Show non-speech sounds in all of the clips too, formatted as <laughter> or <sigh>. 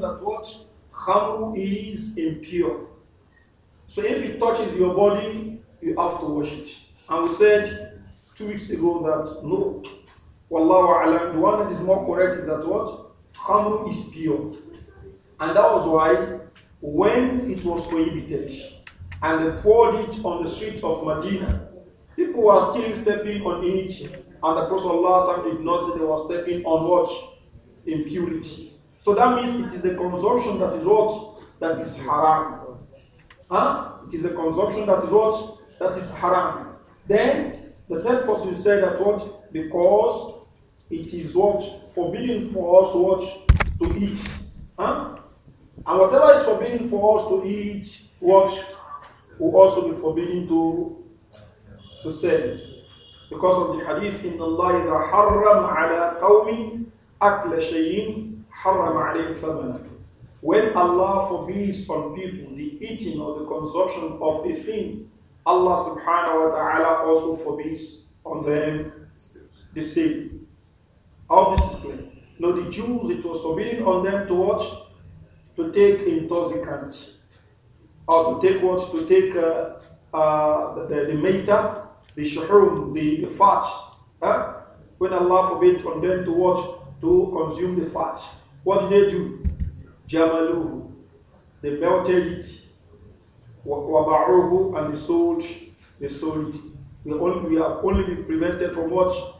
that what? Khamru is impure. So if it touches your body, you have to wash it. And we said two weeks ago that no. Wallahu alam, the one that is more correct is that what? Khamru is pure. And that was why when it was prohibited and they poured it on the street of Medina, people were still stepping on it. And the Prophet ﷺ did not say they were stepping on what? Impurity. So that means it is a consumption that is what? That is haram. Huh? It is a consumption that is what? That is haram. Then the third person will say that what? Because it is what? Forbidden for us to watch to eat. Huh? And whatever is forbidden for us to eat, what will also be forbidden to to sell. Because of the hadith in Allah إِذَا حَرَّمَ عَلَىٰ قَوْمٍ أَكْلَ شَيْءٍ حرم عليهم ثمنه. When Allah forbids on people the eating or the consumption of a thing, Allah subhanahu wa ta'ala also forbids on them the same. How this is clear. Now the Jews, it was forbidden on them to what? To take intoxicants. Or to take what? To take uh, uh, the, the meta, the shuhum, the, the fat. Huh? When Allah forbids on them to what? To consume the fat. What did they do? Jamaluhu. They melted it. Wabaruhu and they sold, they sold it. We, only, we are only been prevented from what?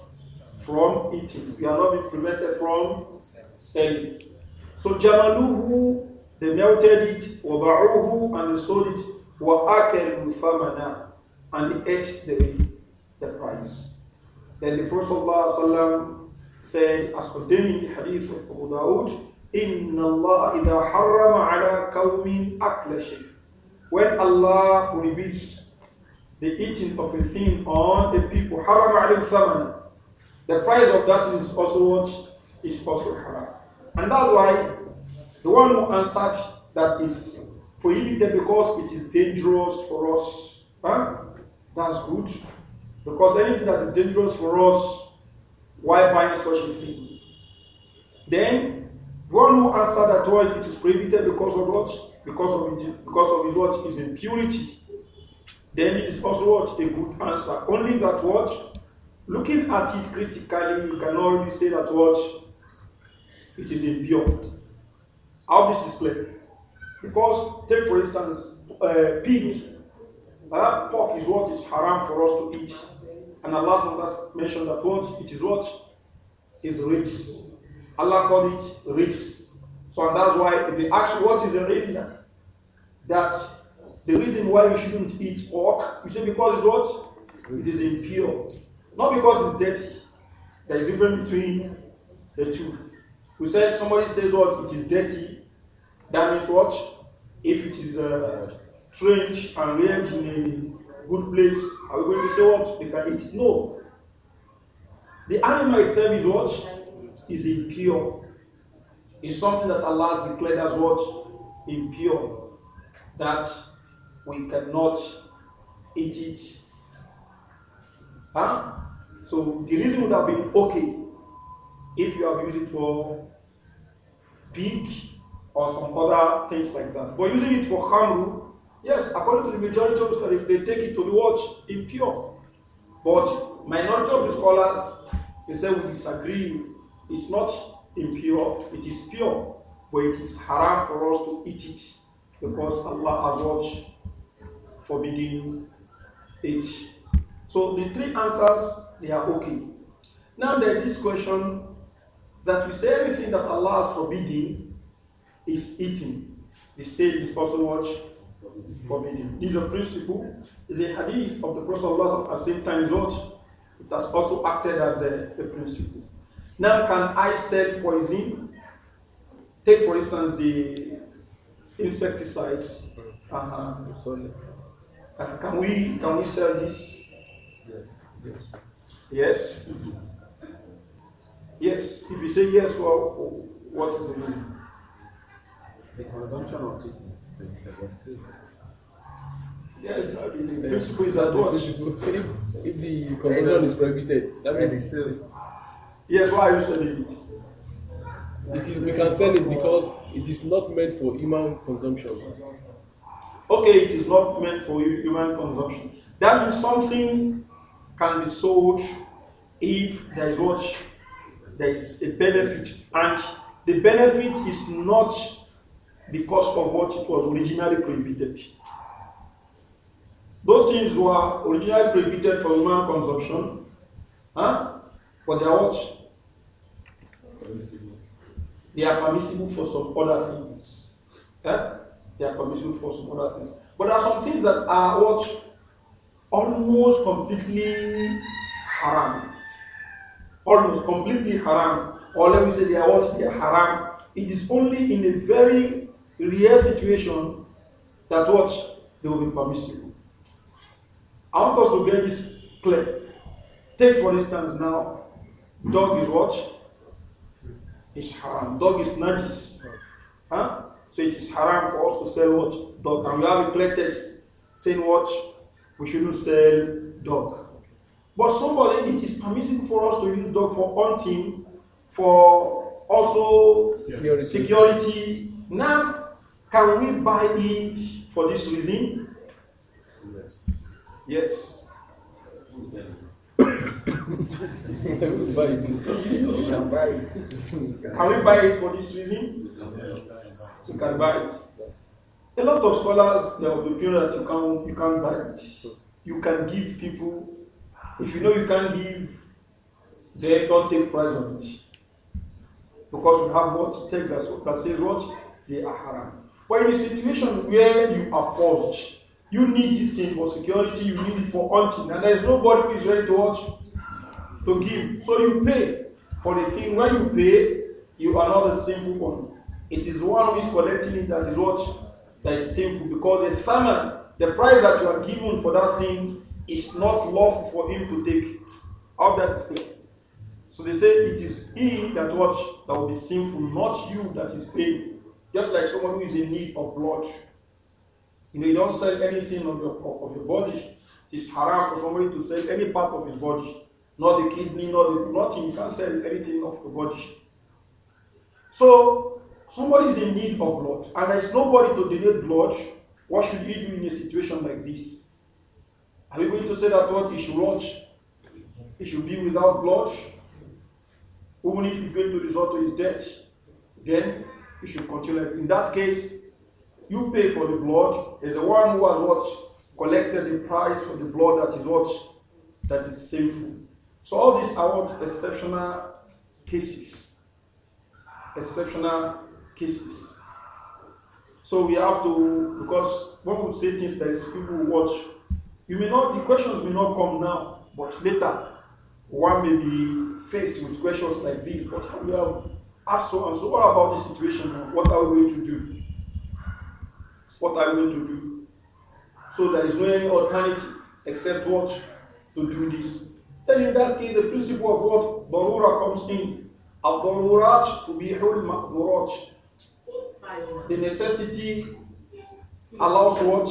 From eating. We are not been prevented from selling. So Jamaluhu, they melted it. Wabaruhu and they sold it. Wa'akelu famana. And they ate the, the price. Then the Prophet said, as contained the hadith of Abu Dawood, إِنَّ اللَّهَ إِذَا حَرَّمَ عَلَى قَوْمٍ أَكْلَ When Allah prohibits the eating of a thing on the people, حَرَّمَ عَلَيْهِ The price of that is also what? Is also haram. And that's why the one who answered that is prohibited because it is dangerous for us. Huh? That's good. Because anything that is dangerous for us Why buying such a thing? Then one who answered that what it is prohibited because of what? Because of it, because of it what is impurity. Then it is also what a good answer. Only that what looking at it critically, you can already say that what it is impure. How this is clear? Because take for instance, uh, pig, uh, pork is what is haram for us to eat. And Allah mentioned that what? It is what? Is rich. Allah called it rich. So and that's why if actual ask what is the reason that the reason why you shouldn't eat pork, you say because it's what? It is impure. Not because it's dirty. There is even difference between the two. We said somebody says what it is dirty, that means what? If it is uh, strange and reared in good place, are we going to say what? They can eat No. The animal itself is what? Is impure. It's something that Allah has declared as what? Impure. That we cannot eat it. Huh? So the reason would have been okay if you have used it for pig or some other things like that. But using it for khamru, Yes, according to the majority of scholars, they take it to be what? Impure. But minority of the scholars, they say we disagree. It's not impure, it is pure. But it is haram for us to eat it because Allah has what? Forbidden it. So the three answers, they are okay. Now there's this question that we say everything that Allah has forbidden is eating. The say is also what? forbidden. This is a principle. Is a hadith of the Prophet Allah at the same time is It has also acted as a, a principle. Now, can I sell poison? Take, for instance, the insecticides. Mm-hmm. Uh-huh. Uh, can we can we sell this? Yes. Yes. Yes. Yes. If you say yes, well, what is the reason? The consumption of it is prohibited. Yes, that the principle is at If, if the conversion is prohibited, that means it sells. Yes, why are you selling it? It is we can sell it because it is not meant for human consumption. Okay, it is not meant for human consumption. That means something can be sold if there is what there is a benefit, and the benefit is not because of what it was originally prohibited. Those things were originally prohibited for human consumption, huh? but they are what? They are permissible for some other things. Yeah? They are permissible for some other things. But there are some things that are what? Almost completely haram. Almost completely haram. Or let me say they are what? They are haram. It is only in a very rare situation that what? They will be permissible. I want us to get this clear. Take, for instance, now, dog is what? It's haram. Dog is najis. Huh? So it is haram for us to sell what? Dog. And we have a clear text saying what? We shouldn't sell dog. But somebody, it is permissible for us to use dog for hunting, for also security. security. Now, can we buy it for this reason? Yes. Can we buy it for this reason? You can buy it. A lot of scholars they will be that you can you can buy it. You can give people. If you know you can give, they don't take price on it. Because you have what text that says what they are haram. But in a situation where you are forced You need this thing for security, you need it for hunting, and there is nobody who is ready to watch to give. So you pay for the thing. When you pay, you are not a sinful one. It is one who is collecting it that is what that is sinful because a famine, the price that you are given for that thing is not lawful for him to take. How that is clear. So they say it is he that watch that will be sinful, not you that is paying. Just like someone who is in need of blood. You know, you don't sell anything of your, of your body. It's haram for somebody to sell any part of his body. Not the kidney, not the, nothing. You can't sell anything of your body. So, somebody is in need of blood, and there is nobody to donate blood. What should he do in a situation like this? Are we going to say that what he should watch? He should be without blood, even if it's going to result to his death. Then he should continue. In that case, you pay for the blood is the one who has what? Collected the price for the blood that is what? That is sinful. So all these are what? Exceptional cases. Exceptional cases. So we have to, because when we say things that is people watch, you may not, the questions may not come now, but later one may be faced with questions like this. But how we have asked so and so? What about this situation? What are we going to do? What I'm going to do? So there is no any alternative except what? To do this. Then in that case, the principle of what? Barura comes in. Al-Darurat tubihul ma'durat. The necessity allows what?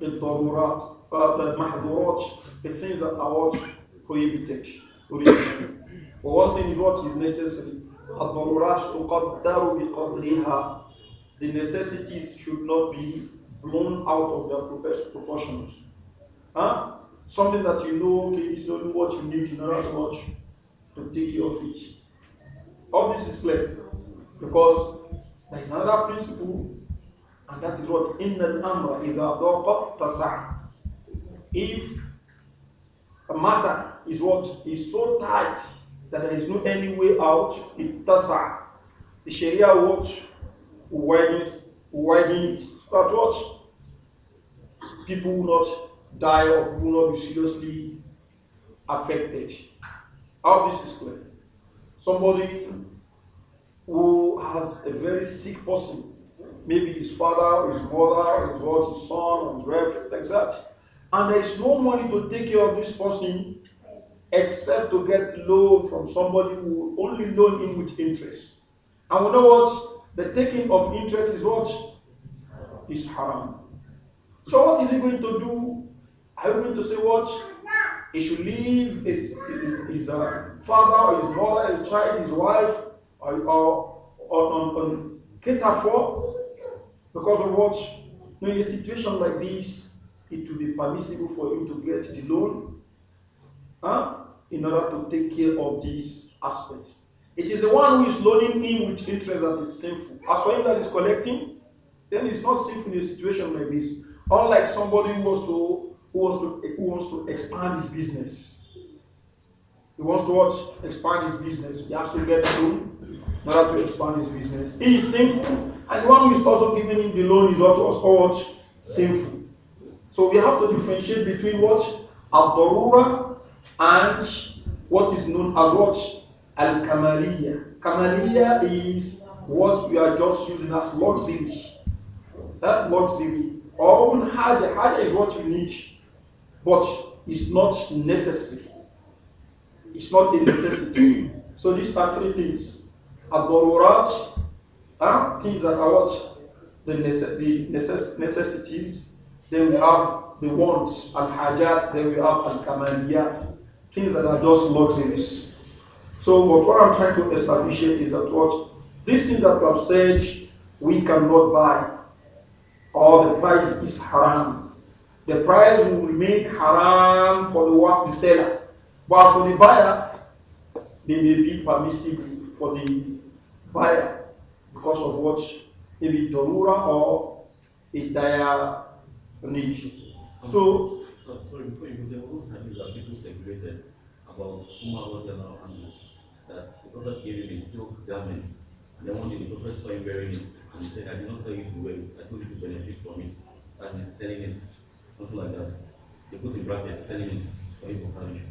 The Darurat, uh, the mahdurat, the things that are what? Prohibited. Prohibited. But one thing is what is necessary. الضرورات تقدر بقدرها the necessities should not be blown out of their proportions. Huh? Something that you know, okay, is only what you need in know as much to take care of it. All this is clear because there is another principle, and that is what in the number is tasa. If a matter is what is so tight that there is no any way out, it tasa. The Sharia watch widens, widen it so that what people will not die or will not be seriously affected. How this is clear. Somebody who has a very sick person, maybe his father, his mother, his daughter, his son, his wife like that, and there is no money to take care of this person except to get loan from somebody who only loan him with interest. And we know what? The taking of interest is what? Is haram. So what is he going to do? Are you going to say what? He should leave his, his, his uh, father or his mother, his child, his wife, or, or, or, cater for because of what? You in a situation like this, it will be permissible for you to get the loan huh, in order to take care of these aspects. It is the one who is loaning in with interest that is sinful. As for him that is collecting, then it's not sinful in a situation like this. Unlike somebody who wants to who wants to who wants to expand his business. He wants to what? Expand his business. He has to get loan in order to expand his business. He is sinful, and the one who is also giving him the loan is also what? Sinful. So we have to differentiate between what? Abdurura and what is known as what? Al Kamaliya. Kamaliya is what we are just using as luxury. That luxury. Or even Haja. Haja is what you need, but it's not necessary. It's not a necessity. <coughs> so these are three things. Adorurat, huh? things that are what? The, nece- the necess- necessities. Then we have the wants, al hajat. Then we have al kamaliyat, things that are just luxuries. So, but what I'm trying to establish here is that what these things that we have said we cannot buy, or the price is haram. The price will remain haram for the one, the seller, but as for the buyer, they may be permissible for the buyer because of what maybe Dorura or a dire need. So, sorry, before you go there, what have bit people segregated about Umar and that the prophet gave him a silk garments, And then one day the prophet saw him wearing it and he said, I did not tell you to wear it, I told you to benefit from it. And he's selling it, something like that. They put in brackets, selling it for you for carriage.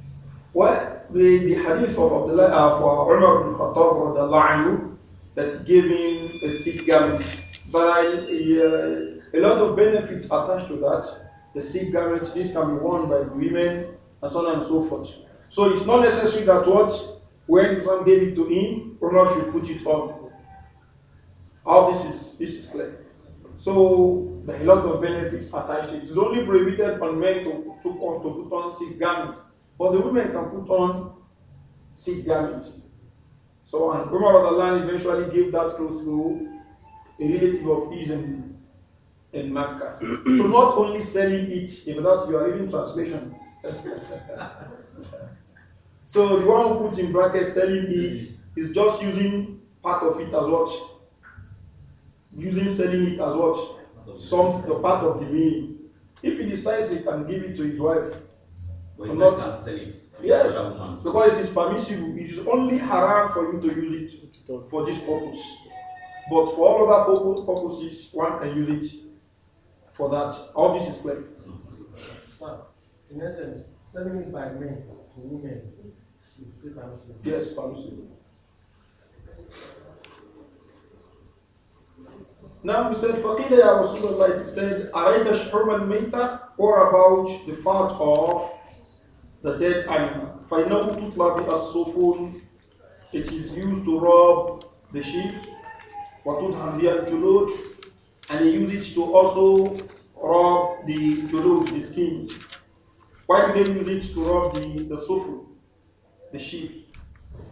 Well, the, the hadith of Abdullah uh, for Umar ibn Khattab anhu, that giving a silk garment. But uh, a lot of benefits attached to that. The silk garment, this can be worn by women, and so on and so forth. So it's not necessary that what when the gave it to him, Ronald should put it on. All this is this is clear. So there are a lot of benefits attached. It is only prohibited on men to, to, on, to put on silk garments, but the women can put on silk garments. So and Umar eventually gave that clothes to a relative of his in, in Makkah. so not only selling it, but that you are reading translation. <laughs> So the one who put in bracket selling it mm-hmm. is just using part of it as what? Using selling it as what? Some the part of the meaning. If he decides he can give it to his wife, but not sell it. Yes, because it is permissible. It is only haram for you to use it for this purpose. But for all other purposes, one can use it for that. All this is clear. Sir, in essence, selling it by men to women Yes, permissible. Now we said, فَقِيلَ يَا Rasulullah, it said, أَرَيْتَ شُحُمَ الْمَيْتَ Or about the fat of the dead animal. فَإِنَّهُ تُطْلَى بِأَصْصُفُونَ It is used to rub the sheep. وَتُدْهَمْ بِأَلْجُلُودِ And they use it to also rub the julud, the skins. Why do they use it to rub the, the sufru? the sheep.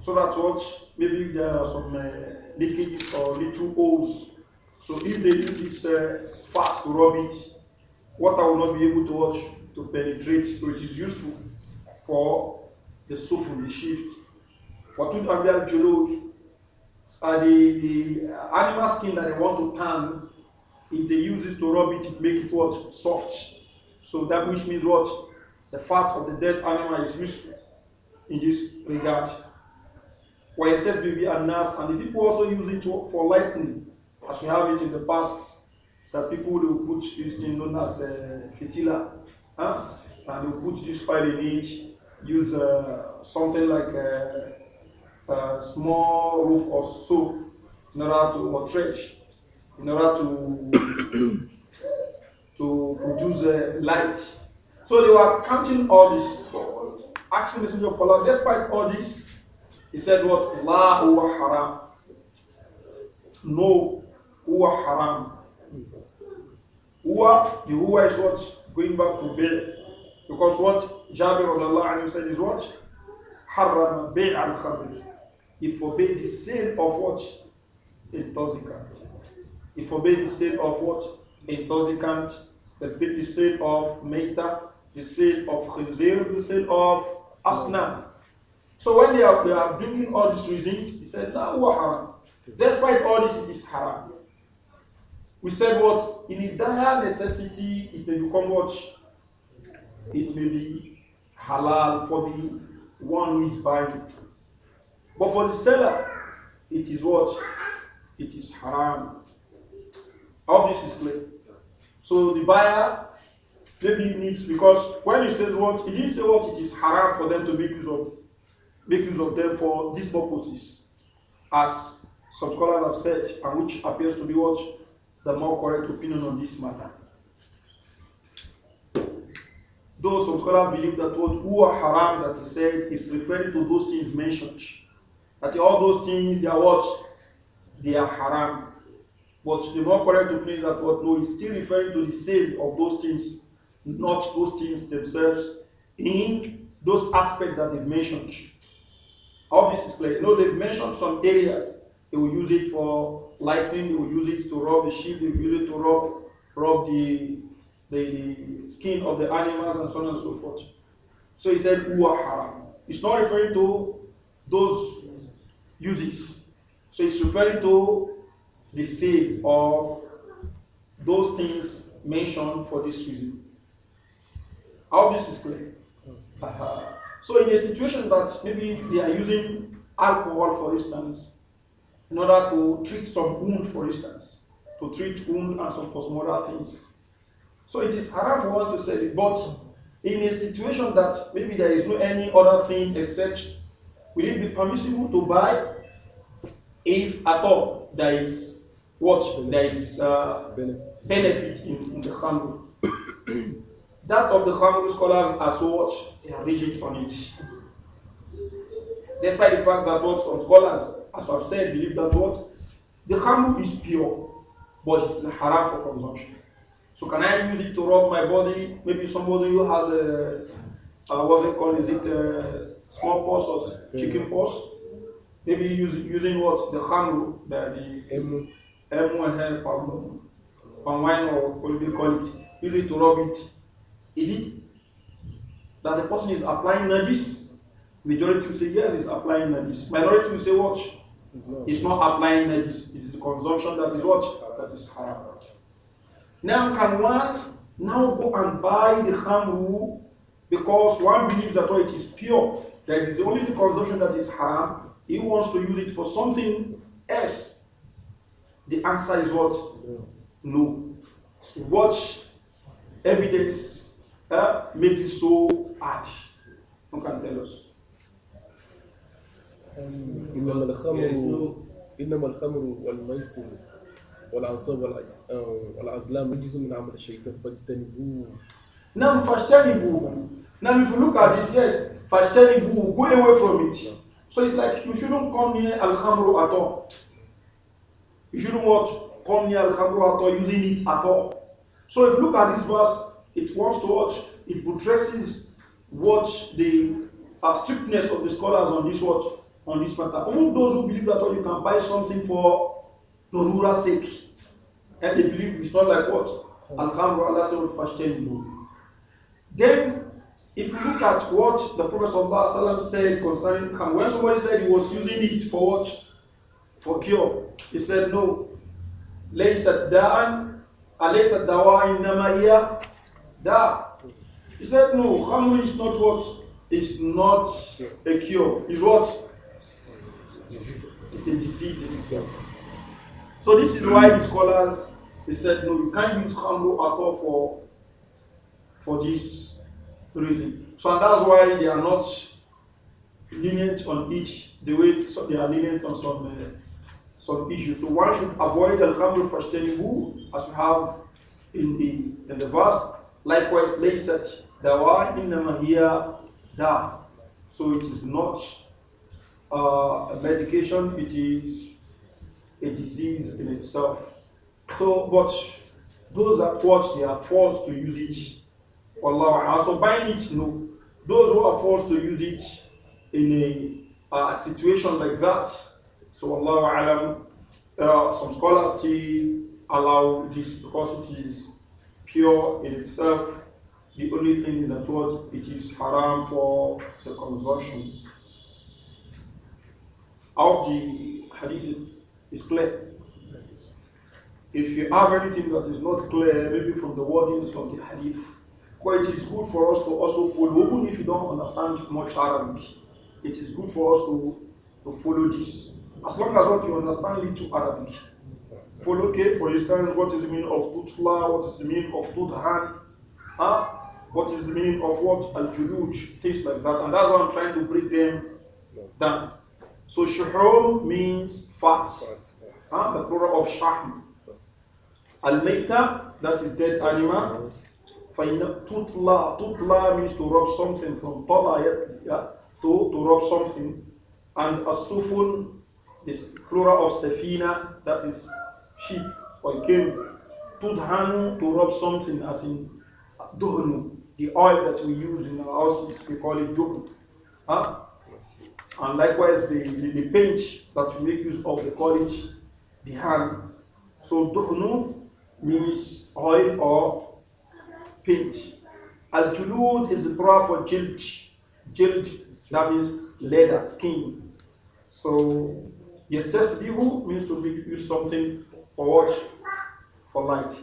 So that what, maybe there are some uh, or little holes. So if they use this uh, fast to rub it, water will not be able to watch to penetrate. So it is useful for the from the sheep. What would have been jolot? Uh, the, the animal skin that they want to tan, if they use this to rub it, it make it what? Soft. So that which means what? The fat of the dead animal is useful in this regard. why a nurse? And the people also use it for lightning, as we have it in the past, that people will put this thing known as uh, fitila, huh? and they put this oil in it, use uh, something like a, uh, a, small rope or soap in order to, or in order to, <coughs> to produce uh, light. So they were counting all this. asking the messenger of Allah, despite all this, he said what? La huwa haram. No huwa haram. Huwa, the huwa is what? Going back to bay. Because what Jabir of Allah said is what? Haram bay al khamr. He forbade the sale of what? Intoxicant. He forbade the sale of what? Intoxicant. The sale of meta, the sale of khinzir, the sale of Ask now. So when they are, they are bringing all these reasons, he said, La huwa haram. Despite all this, it is haram. We said what? In a dire necessity, it may become what? It may be halal for the one who is buying it. But for the seller, it is what? It is haram. All this is clear. So the buyer Maybe you because when he says what he didn't say what it is haram for them to make use of make use of them for these purposes, as some scholars have said, and which appears to be what the more correct opinion on this matter. Though some scholars believe that what are haram that he said is referring to those things mentioned. That all those things they are what? They are haram. But the more correct opinion is that what no, is still referring to the sale of those things not those things themselves in those aspects that they've mentioned. Obviously, it's clear. You know, they've mentioned some areas. They will use it for lightning, they will use it to rub the sheep, they will use it to rub, rub the, the, the skin of the animals, and so on and so forth. So he said, Uwa haram. It's not referring to those uses. So it's referring to the sale of those things mentioned for this reason. How this is clear? Uh, so in a situation that maybe they are using alcohol, for instance, in order to treat some wound, for instance, to treat wound and some, for some other things. So it is hard for one to sell it, but in a situation that maybe there is no any other thing except, will it be permissible to buy if at all there is what there is uh, benefit in, in the handle? That of the Hamru scholars as what they are rigid on it. Despite the fact that what some scholars, as I've said, believe that what the Hamru is pure, but it's haram for consumption. So can I use it to rub my body? Maybe somebody who has a, uh, what's it called? Is it a uh, small pox or chicken pox? Maybe use, using what? The hamru, the, emu, emu and palm wine or what do you call it? Use it to rub it. Is it that the person is applying najis? Majority will say yes, he's applying najis. Minority will say watch, It's not applying najis. It is the consumption that is what? That is haram. Now can one now go and buy the khamru because one believes that oh, it is pure, that it is only the consumption that is haram. He wants to use it for something else. The answer is what? No. Watch evidence uh, make it so hard? Who can tell us? إنما الخمر إنما الخمر والميسر والأنصاب والأزلام رجس من عمل الشيطان فاجتنبوه. Now فاجتنبوه. Now if you look at this, yes, فاجتنبوه, go away from it. So it's like you shouldn't come near al-khamru at all. You shouldn't watch Come near al-khamru at all, using it at all. So if you look at this verse, It wants to watch, it buttresses what the uh, strictness of the scholars on this watch, on this matter. Among those who believe that oh, you can buy something for Norura sake, and they believe it's not like what? Alhamdulillah, Allah said, Then, if you look at what the Prophet Allah said concerning when somebody said he was using it for what? For cure, he said, No. ليست داء said دواء in هي Da. He said, No, Khamri is not what is not a cure. It's what? It's a disease in itself. So this is why the scholars they said, No, you can't use Khamru at all for, for this reason. So that's why they are not lenient on each the way so they are lenient on some uh, some issues. So one should avoid al khamr who, as we have in the in the verse Likewise, laysat dawa in here, that So it is not uh, a medication, it is a disease in itself. So, but those that watch, they are forced to use it. Allah, also buying it, no. Those who are forced to use it in a uh, situation like that, so Allah, uh, some scholars still allow this because it is pure in itself. The only thing is that what it is haram for the consumption. Out the hadith is clear. If you have anything that is not clear, maybe from the wordings of the hadith, well, it is good for us to also follow, even if you don't understand much Arabic. It is good for us to, to follow this. As long as what you understand little Arabic, Follow for instance, what is the meaning of tutla? What is the meaning of tuthan? Huh? What is the meaning of what? Al juluj, tastes like that. And that's why I'm trying to break them down. So shuhrum means fat. Huh? The plural of shahm. Al maita that is dead animal. Tutla, tutla means to rub something from tala, yeah, to, to rub something. And asufun is plural of safina, that is sheep or a to Tudhanu to rub something as in duhnu, the oil that we use in our houses, we call it duhn. Huh? And likewise, the, the, the paint that we make use of, we call it the hand. So duhnu means oil or paint. Al-julud is the prayer for jild. Jild, that means leather, skin. So, yes, yastasbihu means to make use something for watch For light.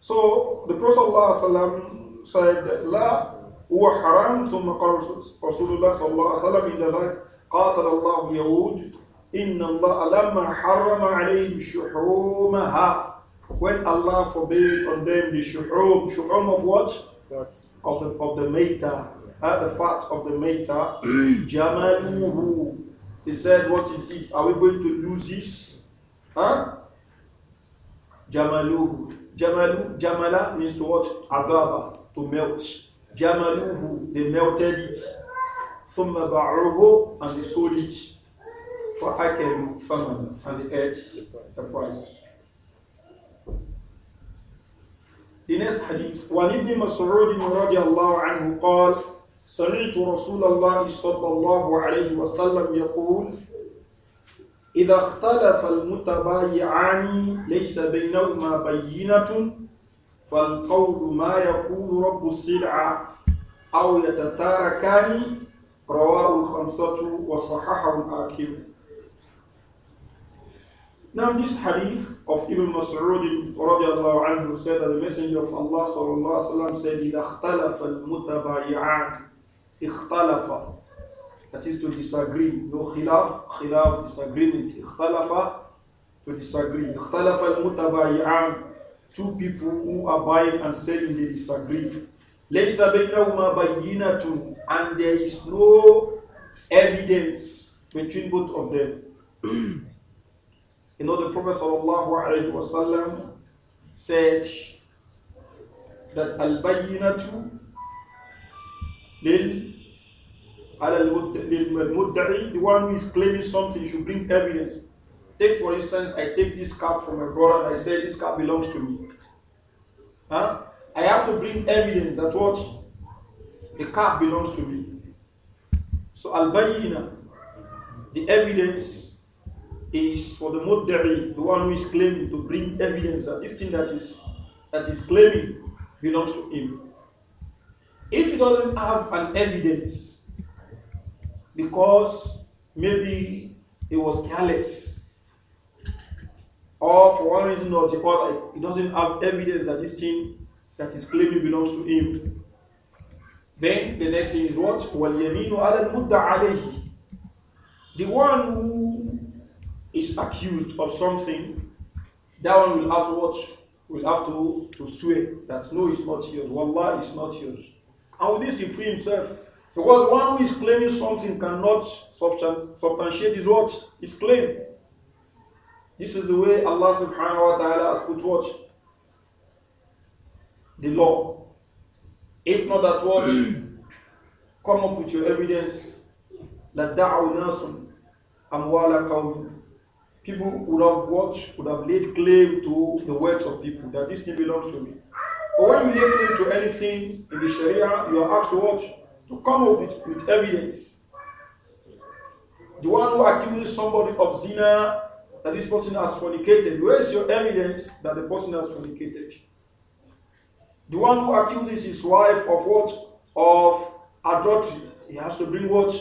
So the Prophet said, La هو حرام ثم قال رسول الله صلى الله عليه وسلم إن ذلك قاتل الله يهود إن الله لما حرم عليهم شحومها when Allah forbade on them the shuhum, shuhum of what? That. Of the, of the meta, At ah, the fat of the meta, <clears throat> jamaluhu. He said, what is this? Are we going to lose this? Huh? Jamaluhu. Jamalu, Jamala means to what? Adaba, to melt. Jamaluhu, they melted it. Thumma ba'ruhu, and they sold it. For Akelu, famine, and they ate the price. The next hadith. وعن ابن مسعود رضي الله عنه قال سمعت رسول الله صلى الله عليه وسلم يقول إذا اختلف المتبايعان ليس بينهما بينة فالقول ما يقول رب السلعة أو يتتاركان رواه الخمسة وصححه الحاكم Now this hadith of Ibn Mas'ud رضي الله عنه said that the Messenger of Allah الله عليه وسلم said إذا اختلف المتبايعان اختلف that is to disagree. No khilaf, khilaf, disagreement. Ikhtalafa, to disagree. Ikhtalafa al-mutabayi'an, two people who are buying and selling, they disagree. Laysa baynahuma bayyinatun, and there is no evidence between both of them. <clears throat> you know, the Prophet sallallahu wasallam said that al-bayyinatu lil Al-Mudda'i, the one who is claiming something, should bring evidence. Take, for instance, I take this cap from my brother and I say, This cap belongs to me. Huh? I have to bring evidence that what? The cap belongs to me. So, Al Bayina, the evidence is for the Mudda'i, the one who is claiming to bring evidence that this thing that is that is claiming belongs to him. If he doesn't have an evidence, because maybe he was careless or for one reason or the other he doesn't have evidence that this thing that is claiming belongs to him then the next thing is what the one who is accused of something that one will have what will have to, to swear that no it's not yours wallah it's not yours and with this he free himself because one who is claiming something cannot substantiate his what? His claim. This is the way Allah subhanahu wa ta'ala has put what? The law. If not that what? <clears throat> Come up with your evidence. That da'u amwala qawm. People would have watched, would have laid claim to the wealth of people, that this thing belongs to me. But when you lay claim to anything in the Sharia, you are asked to watch. to come up with, with evidence. The one who accuses somebody of zina, that this person has fornicated, where is your evidence that the person has fornicated? The one who accuses his wife of what? Of adultery. He has to bring what?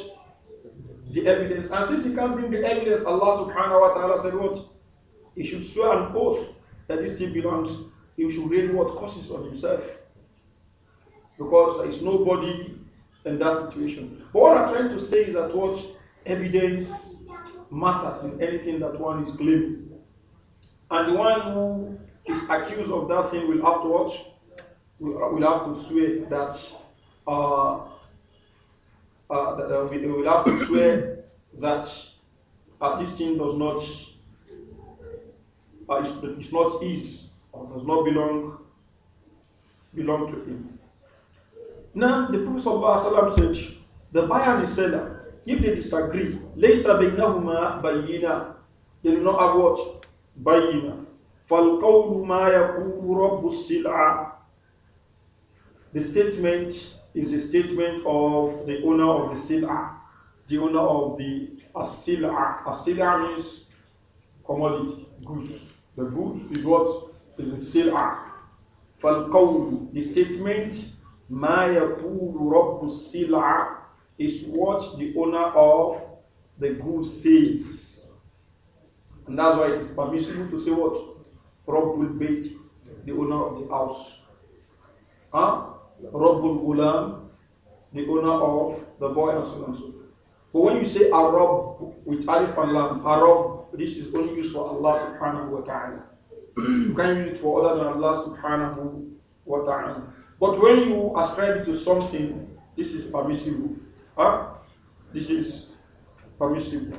The evidence. And since he can't bring the evidence, Allah subhanahu wa ta'ala said what? He should swear an oath that this thing belongs. He should rain what? Curses on himself. Because there is nobody in that situation. But what I'm trying to say is that what evidence matters in anything that one is claiming. And the one who is accused of that thing will uh, will have to swear that uh, uh, that, uh, we will have to swear that uh, this thing does not uh, it's, it's not his or does not belong belong to him. Now, the Prophet ﷺ said, the buyer and the seller, if they disagree, they do not have what? Bayyina. فَالْقَوْلُ The statement is the statement of the owner of the sil'ah, the owner of the as-sil'ah. silah means commodity, goods. The goods is what? Is the sil'ah. فَالْقَوْلُ The statement Mayapulu Rabbu Sila is what the owner of the goods says. And that's why it is permissible to say what? will Bait, the owner of the house. Huh? Rabbul Gulam, the owner of the boy, and so on and so forth. But when you say Arab with Alif and Lam, Arab, this is only used for Allah subhanahu wa ta'ala. you can use it for other than Allah subhanahu wa ta'ala. But when you ascribe it to something, this is permissible. Huh? This is permissible.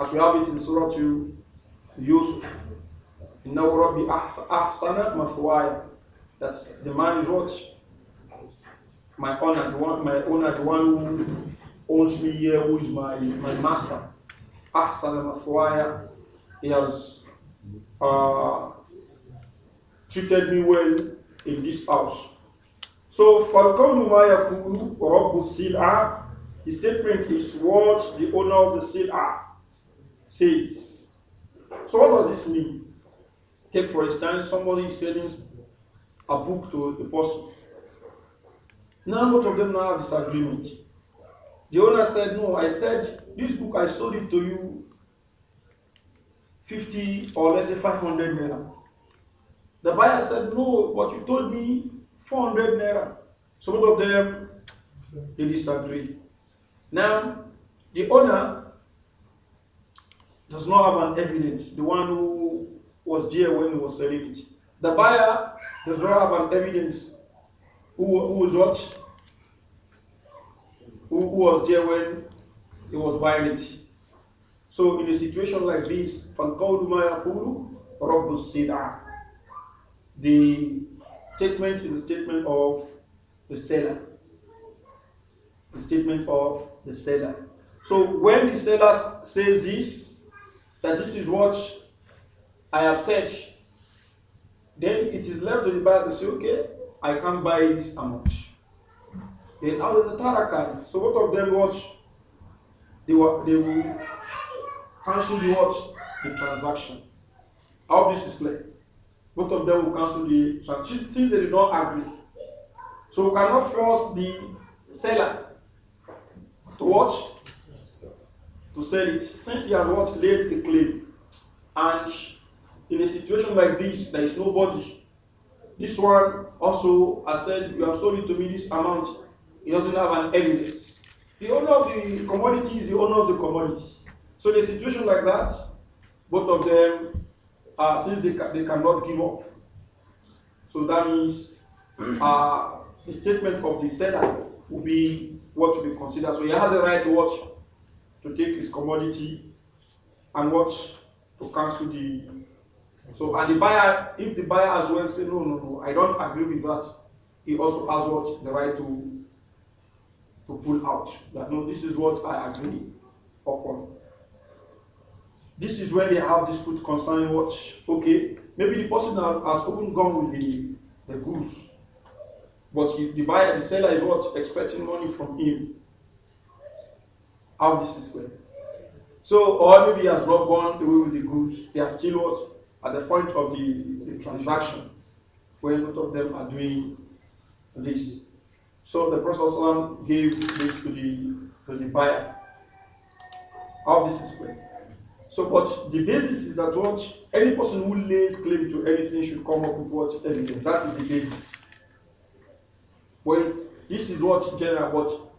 As we have it in Surah to Yusuf. Inna Rabbi ahsana maswaya. That the man is what? My owner, the one, my owner, the one who owns me here, who is my, my master. Ahsana maswaya. He has uh, treated me well in this house. So, فَالْقَوْلُ مَا يَقُولُ رَبُّ السِّلْعَةِ The statement is what the owner of the sil'a says. So what does this mean? Take for instance, somebody is selling a book to a person. Now both of them now have this agreement. The owner said, no, I said, this book I sold it to you 50 or let's say 500 naira. The buyer said, no, but you told me 400 naira. Some of them, they disagree. Now, the owner does not have an evidence, the one who was there when he was selling it. The buyer does not have an evidence who, who was what? Who, who was there when he was buying it. So in a situation like this, فَالْقَوْلُ مَا يَقُولُ رَبُّ السِّلْعَةِ The statement is the statement of the seller. The statement of the seller. So when the seller says this, that this is what I have said, then it is left to the buyer to say, okay, I can buy this amount. Then out of the tarakan, so both of them watch. They, were, they will cancel the watch The transaction. I hope this is clear. Both of them will cancel the transaction since they did not agree. So we cannot force the seller to watch to sell it. Since he has what? Laid the claim. And in a situation like this, there is nobody. This one also has said, You have sold it to me this amount. He doesn't have an evidence. The owner of the commodity is the owner of the commodity. So, in a situation like that, both of them uh, since they, ca they cannot give up. So that means mm. uh, the statement of the seller will be what to be considered. So he has a right to what? To take his commodity and what? To cancel the. So, and the buyer, if the buyer as well say, no, no, no, I don't agree with that, he also has what? The right to to pull out. That no, this is what I agree upon. This is where they have dispute concerning what, okay, maybe the person has opened gone with the, the goods, but the buyer, the seller is what, expecting money from him. How this is going. So, or maybe he has not gone away with the goods, they are still what, at the point of the, the transaction, where both of them are doing this. So the Prophet gave this to the, to the buyer. How this is going. So, but the basis is that what any person who lays claim to anything should come up with what evidence. That is the basis. Well, this is what general. But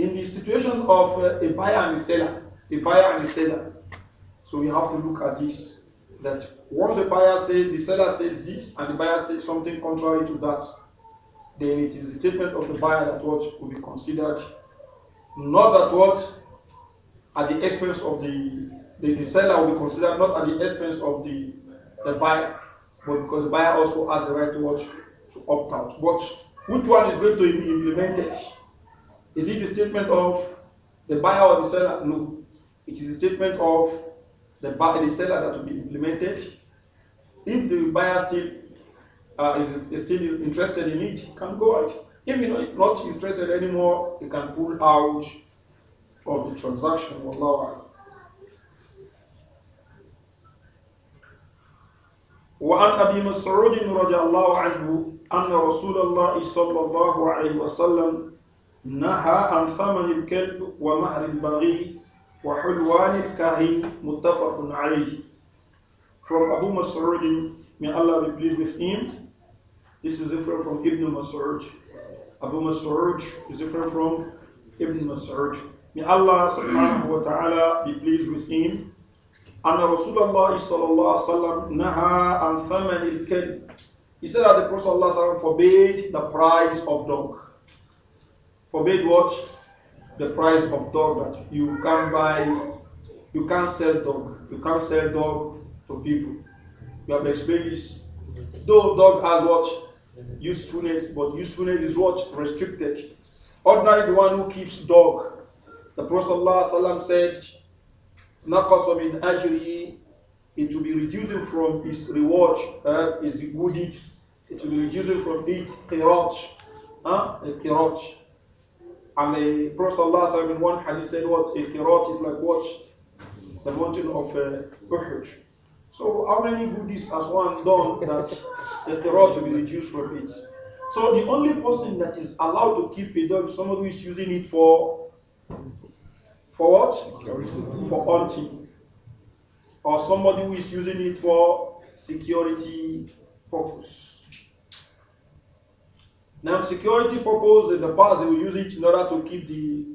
in the situation of uh, a buyer and a seller, a buyer and a seller. So we have to look at this. That once the buyer says, the seller says this, and the buyer says something contrary to that, then it is the statement of the buyer that what will be considered, not that what at the expense of the the, the seller will be considered not at the expense of the, the buyer, but because the buyer also has the right to watch to opt out. But which one is going to be implemented? Is it the statement of the buyer or the seller? No. It is the statement of the buyer, the seller that will be implemented. If the buyer still uh, is, is, still interested in it, can go out. If you is not interested anymore, you can pull out of the transaction. Wallahu وعن أبي مسعود رضي الله عنه أن رسول الله صلى الله عليه وسلم نهى عن ثمن الكلب ومهر البغي وحلوان الكاهن متفق عليه From Abu Mas'ud, may Allah be pleased with him, this is different from Ibn Mas'ud. Abu Mas'ud is different from Ibn Mas'ud. May Allah subhanahu wa ta'ala be pleased with him. And Rasulullah sallallahu sallam naha an thamanil He said that the Prophet sallam forbade the price of dog. Forbade what? The price of dog that you can not buy, you can't sell dog. You can't sell dog to people. You have explained Though dog has what? Usefulness, but usefulness is what? Restricted. Ordinary the one who keeps dog, the Prophet sallam said, نَقَصَ مِنْ أَجْرِهِ It will be reducing from his reward, uh, his good deeds. It will be reducing from it, qirat, huh? qirat. And the Prophet ﷺ in one hadith said what? A qirat is like what? The mountain of uh, Uhud. So how many good deeds has one done that the qirat will be reduced from it? So the only person that is allowed to keep a dog is someone who is using it for for what? Security. For hunting. Or somebody who is using it for security purpose. Now, security purpose in the past they will use it in order to keep the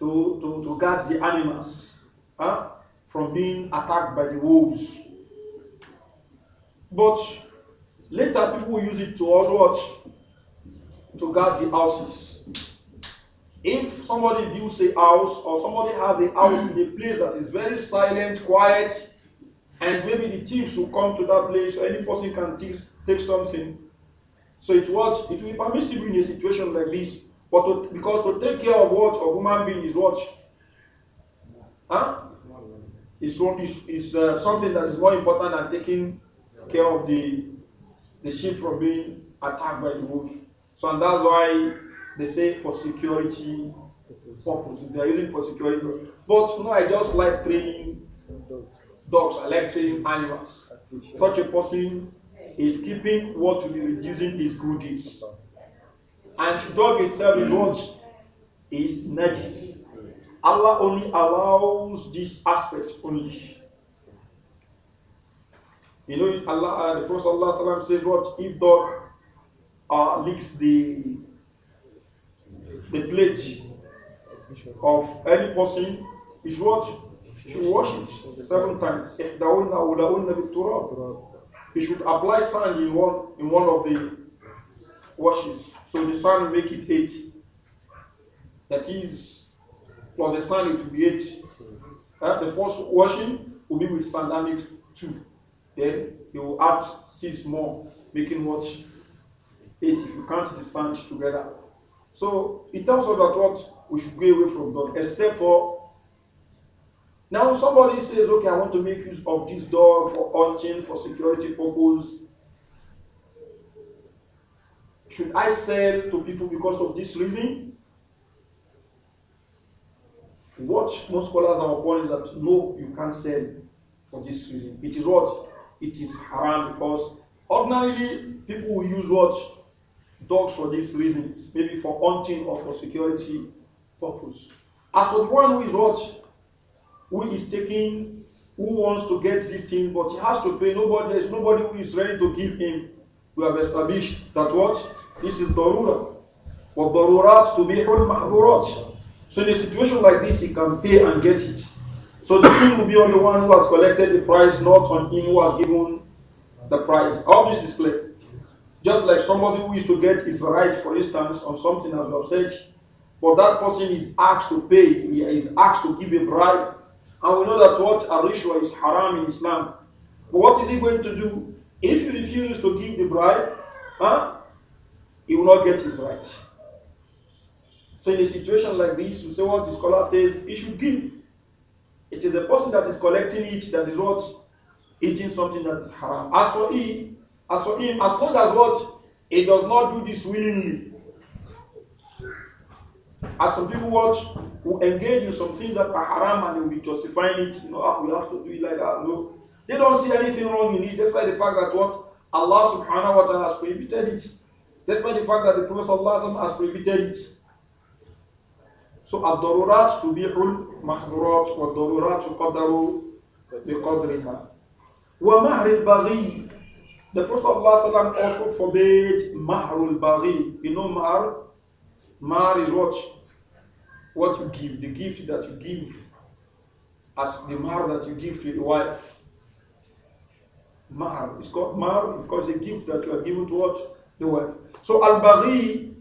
to to, to guard the animals huh, from being attacked by the wolves. But later people use it to also watch to guard the houses. If somebody builds a house or somebody has a house in a place that is very silent, quiet, and maybe the thieves will come to that place, or any person can take, take something. So it what it will be permissible in a situation like this. But to, because to take care of what a human being is what? Huh? It's, uh, something that is more important than taking care of the the sheep from being attacked by the wolf. So and that's why they say for security purposes. They are using for security. But no, I just like training dogs. I like training animals. Such a person is keeping what will be reducing his goodies, And dog itself is what is najis. Allah only allows this aspect only. You know, Allah, uh, the Prophet Allah says, "What if dog uh, licks the the pledge of any person is what? She washes seven times. He should apply sand in one in one of the washes. So the sand make it eight. That is plus the sand it will be eight. Uh, the first washing will be with sand and it two. Then you will add six more, making what? Eight if you count the sand together. So it tells us that what we should go away from God, except for now somebody says, okay, I want to make use of this dog for hunting, for security purpose. Should I sell to people because of this reason? What most scholars are upon is that no, you can't sell for this reason. It is what? It is haram because ordinarily people will use what? dogs for these reasons, maybe for hunting or for security purpose. As for the one who is what? Who is taking, who wants to get this thing, but he has to pay. Nobody, there is nobody who is ready to give him. We have established that what? This is to be تُبِيحُ الْمَحْظُورَاتِ So in a situation like this, he can pay and get it. So the sin will be on the one who has collected the price, not on him who has given the price. All this is clear. Just like somebody who is to get his right, for instance, on something as you have said, but that person is asked to pay, he is asked to give a bribe. And we know that what Arishwa is haram in Islam. But what is he going to do? If he refuses to give the bribe, huh, he will not get his right. So in a situation like this, you say what the scholar says, he should give. It is the person that is collecting it that is what? Eating something that is haram. As for he, as for him, as long as what he does not do this willingly, as some people watch who engage in some things that are haram and they will be justifying it, you know, ah, we have to do it like that. No, they don't see anything wrong in it, despite the fact that what Allah subhanahu wa ta'ala has prohibited it, despite the fact that the Prophet has prohibited it. So الضرورات تبيح bi والضرورات تقدر بقدرها ومهر baghi. The Prophet ﷺ also forbade Maharul bari. You know Mahar? Mahr is what? What you give, the gift that you give, as the mahr that you give to your wife. Mahr is called mahr because the gift that you are given to what? The wife. So al bari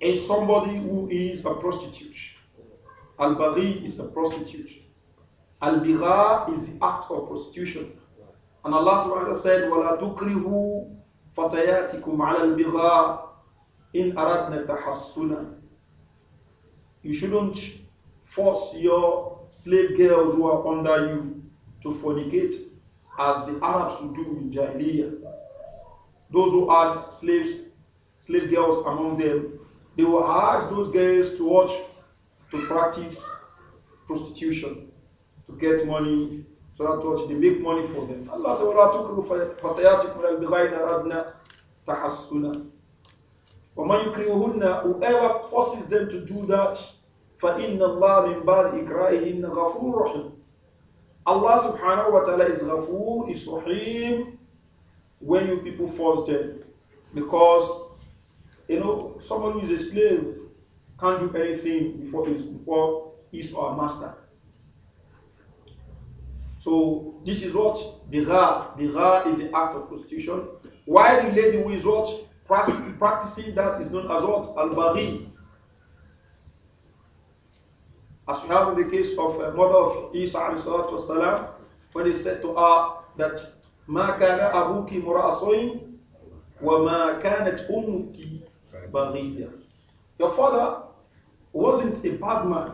is somebody who is a prostitute. Al bari is a prostitute. Al bira is the act of prostitution. And Allah subhanahu wa ta'ala said, وَلَا تُكْرِهُ فَتَيَاتِكُمْ عَلَى الْبِغَاءِ إِنْ أَرَدْنَا تَحَصُّنًا You shouldn't force your slave girls who are under you to fornicate as the Arabs would do in Jahiliyyah. Those who had slaves, slave girls among them, they will ask those girls to watch, to practice prostitution, to get money so that what they make money for them. Allah said, وَلَا تُكْرُوا فَتَيَاتِكُمْ الْبِغَيْنَ رَبْنَا تَحَسُّنَا وَمَنْ يُكْرِهُنَّ Whoever forces them to do that, فَإِنَّ اللَّهَ مِنْ بَعْدِ إِكْرَائِهِنَّ غَفُورٌ رَحِيمٌ Allah subhanahu wa ta'ala is Ghafoor, is Rahim, when you people force them. Because, you know, someone who is a slave can't do anything before his, before his or master. So this is what bira. Bira is the act of prostitution. While the lady who is what practicing that is known as what albari. As we have in the case of a uh, mother of Isa salam, when he said to her that ما كان أبوك مرأسين وما كانت أمك بغية. Your father wasn't a bad man,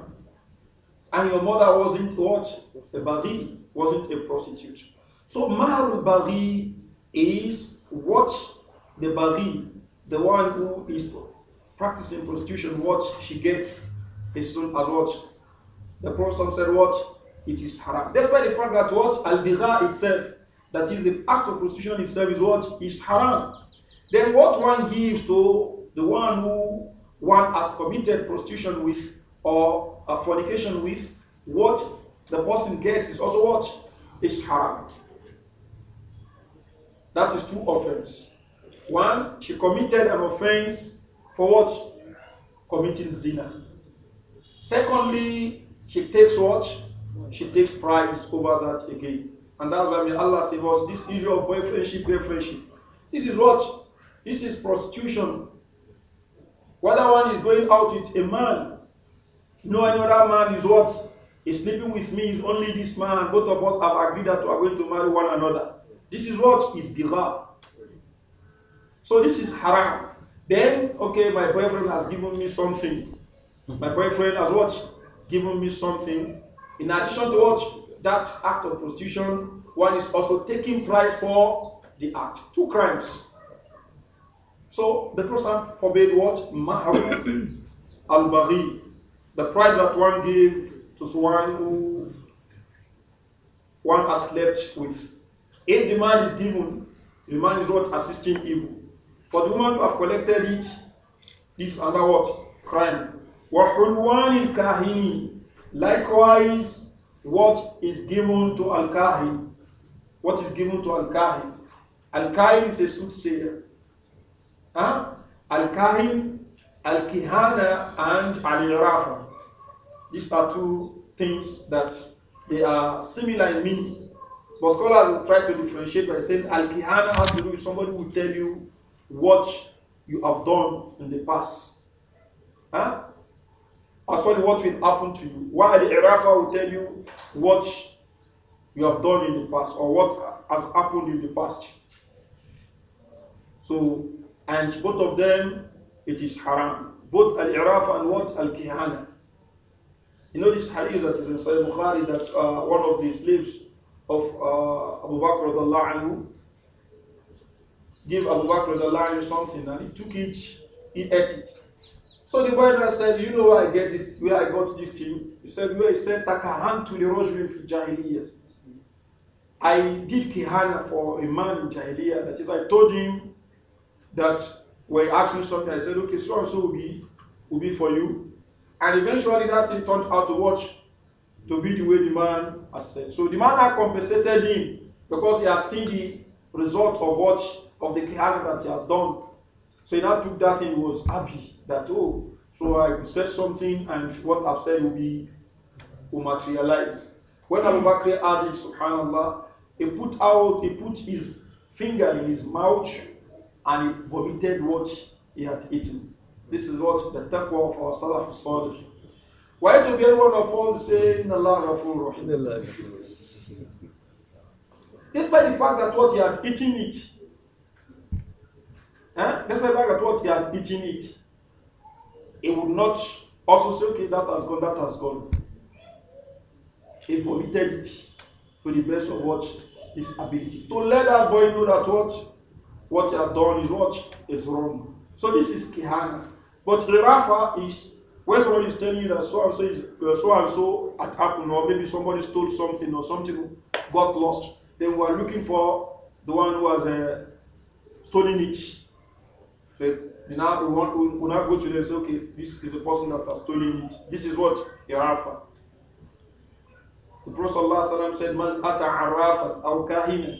and your mother wasn't what? A bari wasn't a prostitute. So Maharul Bari is what the Bari, the one who is practicing prostitution, what she gets is not as what? The Prophet said what? It is haram. Despite the fact that what? Al-Bira itself, that is the act of prostitution itself is what? Is haram. Then what one gives to the one who one has committed prostitution with or fornication with, what the person gets is also what? Is haram. That is two offenses. One, she committed an offense for what? Committing zina. Secondly, she takes what? She takes prize over that again. And that's why Allah says us this issue of boyfriendship, girlfriendship. This is what? This is prostitution. Whether one is going out with a man, no know, another man is what? sleeping with me is only this man. Both of us have agreed that we are going to marry one another. This is what is bighar. So this is haram. Then, okay, my boyfriend has given me something. My boyfriend has what? Given me something. In addition to what? That act of prostitution, one is also taking price for the act. Two crimes. So the Prophet forbade what? Mahar al bari, The price that one gave to one who one has slept with. If the man is given, the man is not assisting evil. For the woman to have collected it, this is crime? what? Crime. وَحُلْوَانِ kahini? Likewise, what is given to Al-Kahin? What is given to Al-Kahin? Al-Kahin is a soothsayer. Huh? Al-Kahin, Al-Kihana, and Al-Rafa. These are two things that they are similar in meaning. But scholars will try to differentiate by saying Al Kihana has to do with somebody who will tell you what you have done in the past. Huh? As for what will happen to you. While the Irafa will tell you what you have done in the past or what has happened in the past. So, and both of them, it is haram. Both Al Irafa and what? Al Kihana. You know this hadith that is in Sahih Bukhari that uh, one of the slaves of uh, Abu Bakr anhu gave Abu Bakr anhu something and he took it, he ate it. So the boy said, You know where I get this where I got this to you? He said, Where he said Takahan to the Rajul Jahiliyyah. I did Kihana for a man in Jahiliyyah. That is, I told him that when he asked me something, I said, Okay, so and so will be will be for you. And eventually that thing turned out to watch to be the way the man has said. So the man had compensated him because he had seen the result of what of the crime that he had done. So he now took that thing, he was happy that oh, so I said something and what I've said will be will materialize. When Abu Bakr had it, subhanAllah, he put out he put his finger in his mouth and he vomited what he had eaten. This is what the taqwa of our Salaf Salih. Why do everyone of all say, Inna Allah Despite the fact that what he had eaten it, eh? despite the fact that what he had eaten it, he would not also say, okay, that has gone, that has gone. He vomited it to the best of what his ability. To let that boy know that what what you have done is what is wrong. So this is kihana. But rafa is when somebody is telling you that so and so is uh, so and so had happened, or maybe somebody stole something or something got lost, then we are looking for the one who has uh, stolen it. So we now we want we, we now go to them and say, okay, this is the person that has stolen it. This is what rafa. The Prophet ﷺ said, Man ata arafan or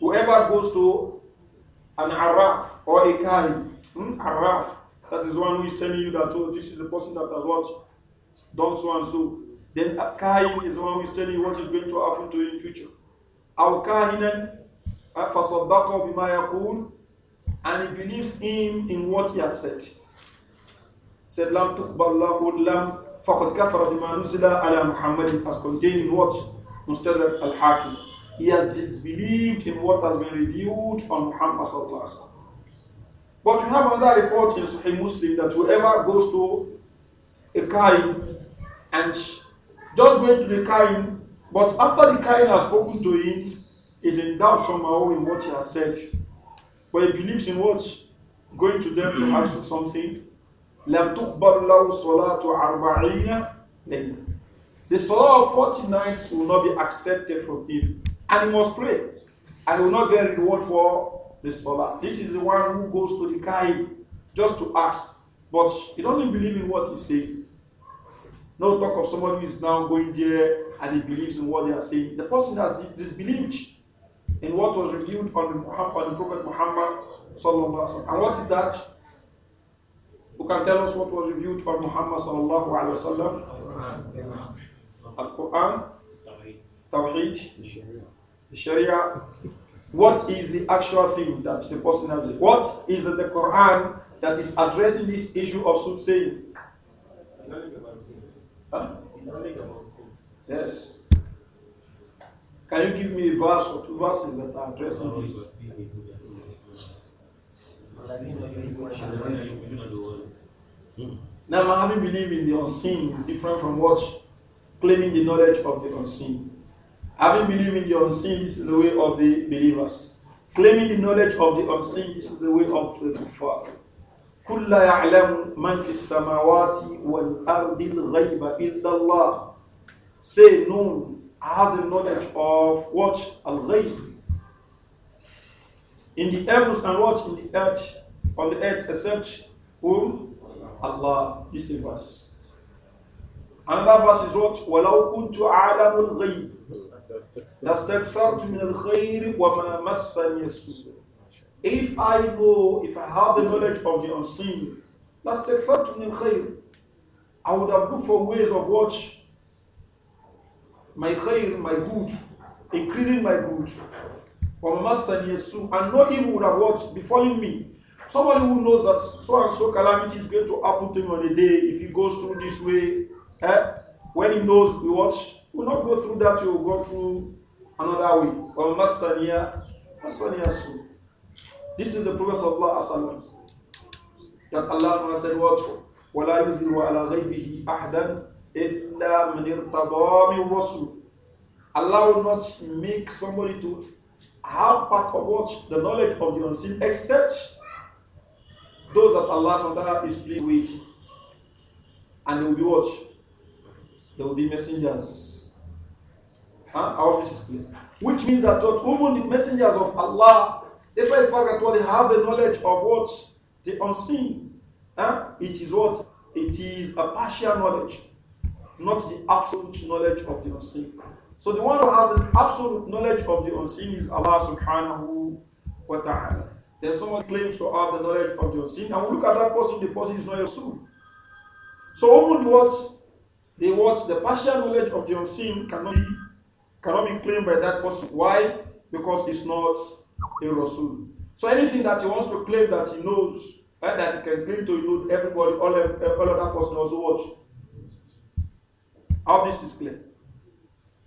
Whoever goes to an araf or a kahin, hmm, araf, that is the one who is telling you that, oh, this is the person that has what? Done so and so. Then Kahin is the one who is telling you what is going to happen to you in future. al Kahinan, فَصَدَّقَ بِمَا يَقُولُ And he believes him in what he has said. Said, Lam تُقْبَلْ Lam لَمْ فَقَدْ كَفَرَ بِمَا نُزِلَ Muhammadin مُحَمَّدٍ As contained in what? Mustadrak al-Hakim. He has disbelieved in what has been revealed on Muhammad sallallahu alaihi But we have another report in Sahih Muslim that whoever goes to a Kain and just going to the Kain, but after the Kain has spoken to him, is in doubt somehow in what he has said. But he believes in what? Going to them to ask for something. لم تقبل له صلاة أربعين ليلة. The salah of 40 nights will not be accepted from him. And he must pray. And will not get reward for this salah. This is the one who goes to the guy just to ask, but he doesn't believe in what he's saying. No talk of somebody who is now going there and he believes in what they are saying. The person has disbelieved in what was revealed on the, on the Prophet Muhammad. And what is that? Who can tell us what was revealed on Muhammad? Al Quran, Tawheed, the Sharia, what is the actual thing that the person has? What is the Quran that is addressing this issue of soothsaying? Huh? Yes. Can you give me a verse or two verses that are addressing this? Now, having belief in the unseen is different from what? Claiming the knowledge of the unseen. Having belief in the unseen, this is the way of the believers. Claiming the knowledge of the unseen, this is the way of the kuffar. كل يعلم من في السماوات والأرض الغيب إلا الله. Say known has a knowledge of what al-ghayb in the heavens and what in the earth on the earth except whom Allah this is verse another verse is what وَلَوْ كُنْتُ عَالَمُ الْغَيْبِ if I know, if I have the knowledge of the unseen, I would have looked for ways of what? My khair, my good, increasing my good. And no evil would have what? Befallen me. Somebody who knows that so and so calamity is going to happen to him on a day if he goes through this way, eh? when he knows we watch will not go through that, you will go through another way. Or Masaniya, Masaniya Su. This is the promise of Allah as-Salaam. That Allah said, What? ولا يذر على غيبه أحدا إلا من ارتضى الرسول. Allah will not make somebody to have part of what the knowledge of the unseen except those that Allah is pleased with and they will be what they will be messengers Huh? Our message is clear. Which means that even the messengers of Allah, despite the fact that what they have the knowledge of what the unseen, huh? it is what it is a partial knowledge, not the absolute knowledge of the unseen. So the one who has an absolute knowledge of the unseen is Allah subhanahu wa ta'ala. Then someone claims to have the knowledge of the unseen, and we look at that person, the person is not a soul. So even what they what the partial knowledge of the unseen cannot be cannot be claimed by that person. Why? Because he's not a Rasul. So anything that he wants to claim that he knows, and eh, that he can claim to include everybody, all, eh, all of that person also watch. All this is clear.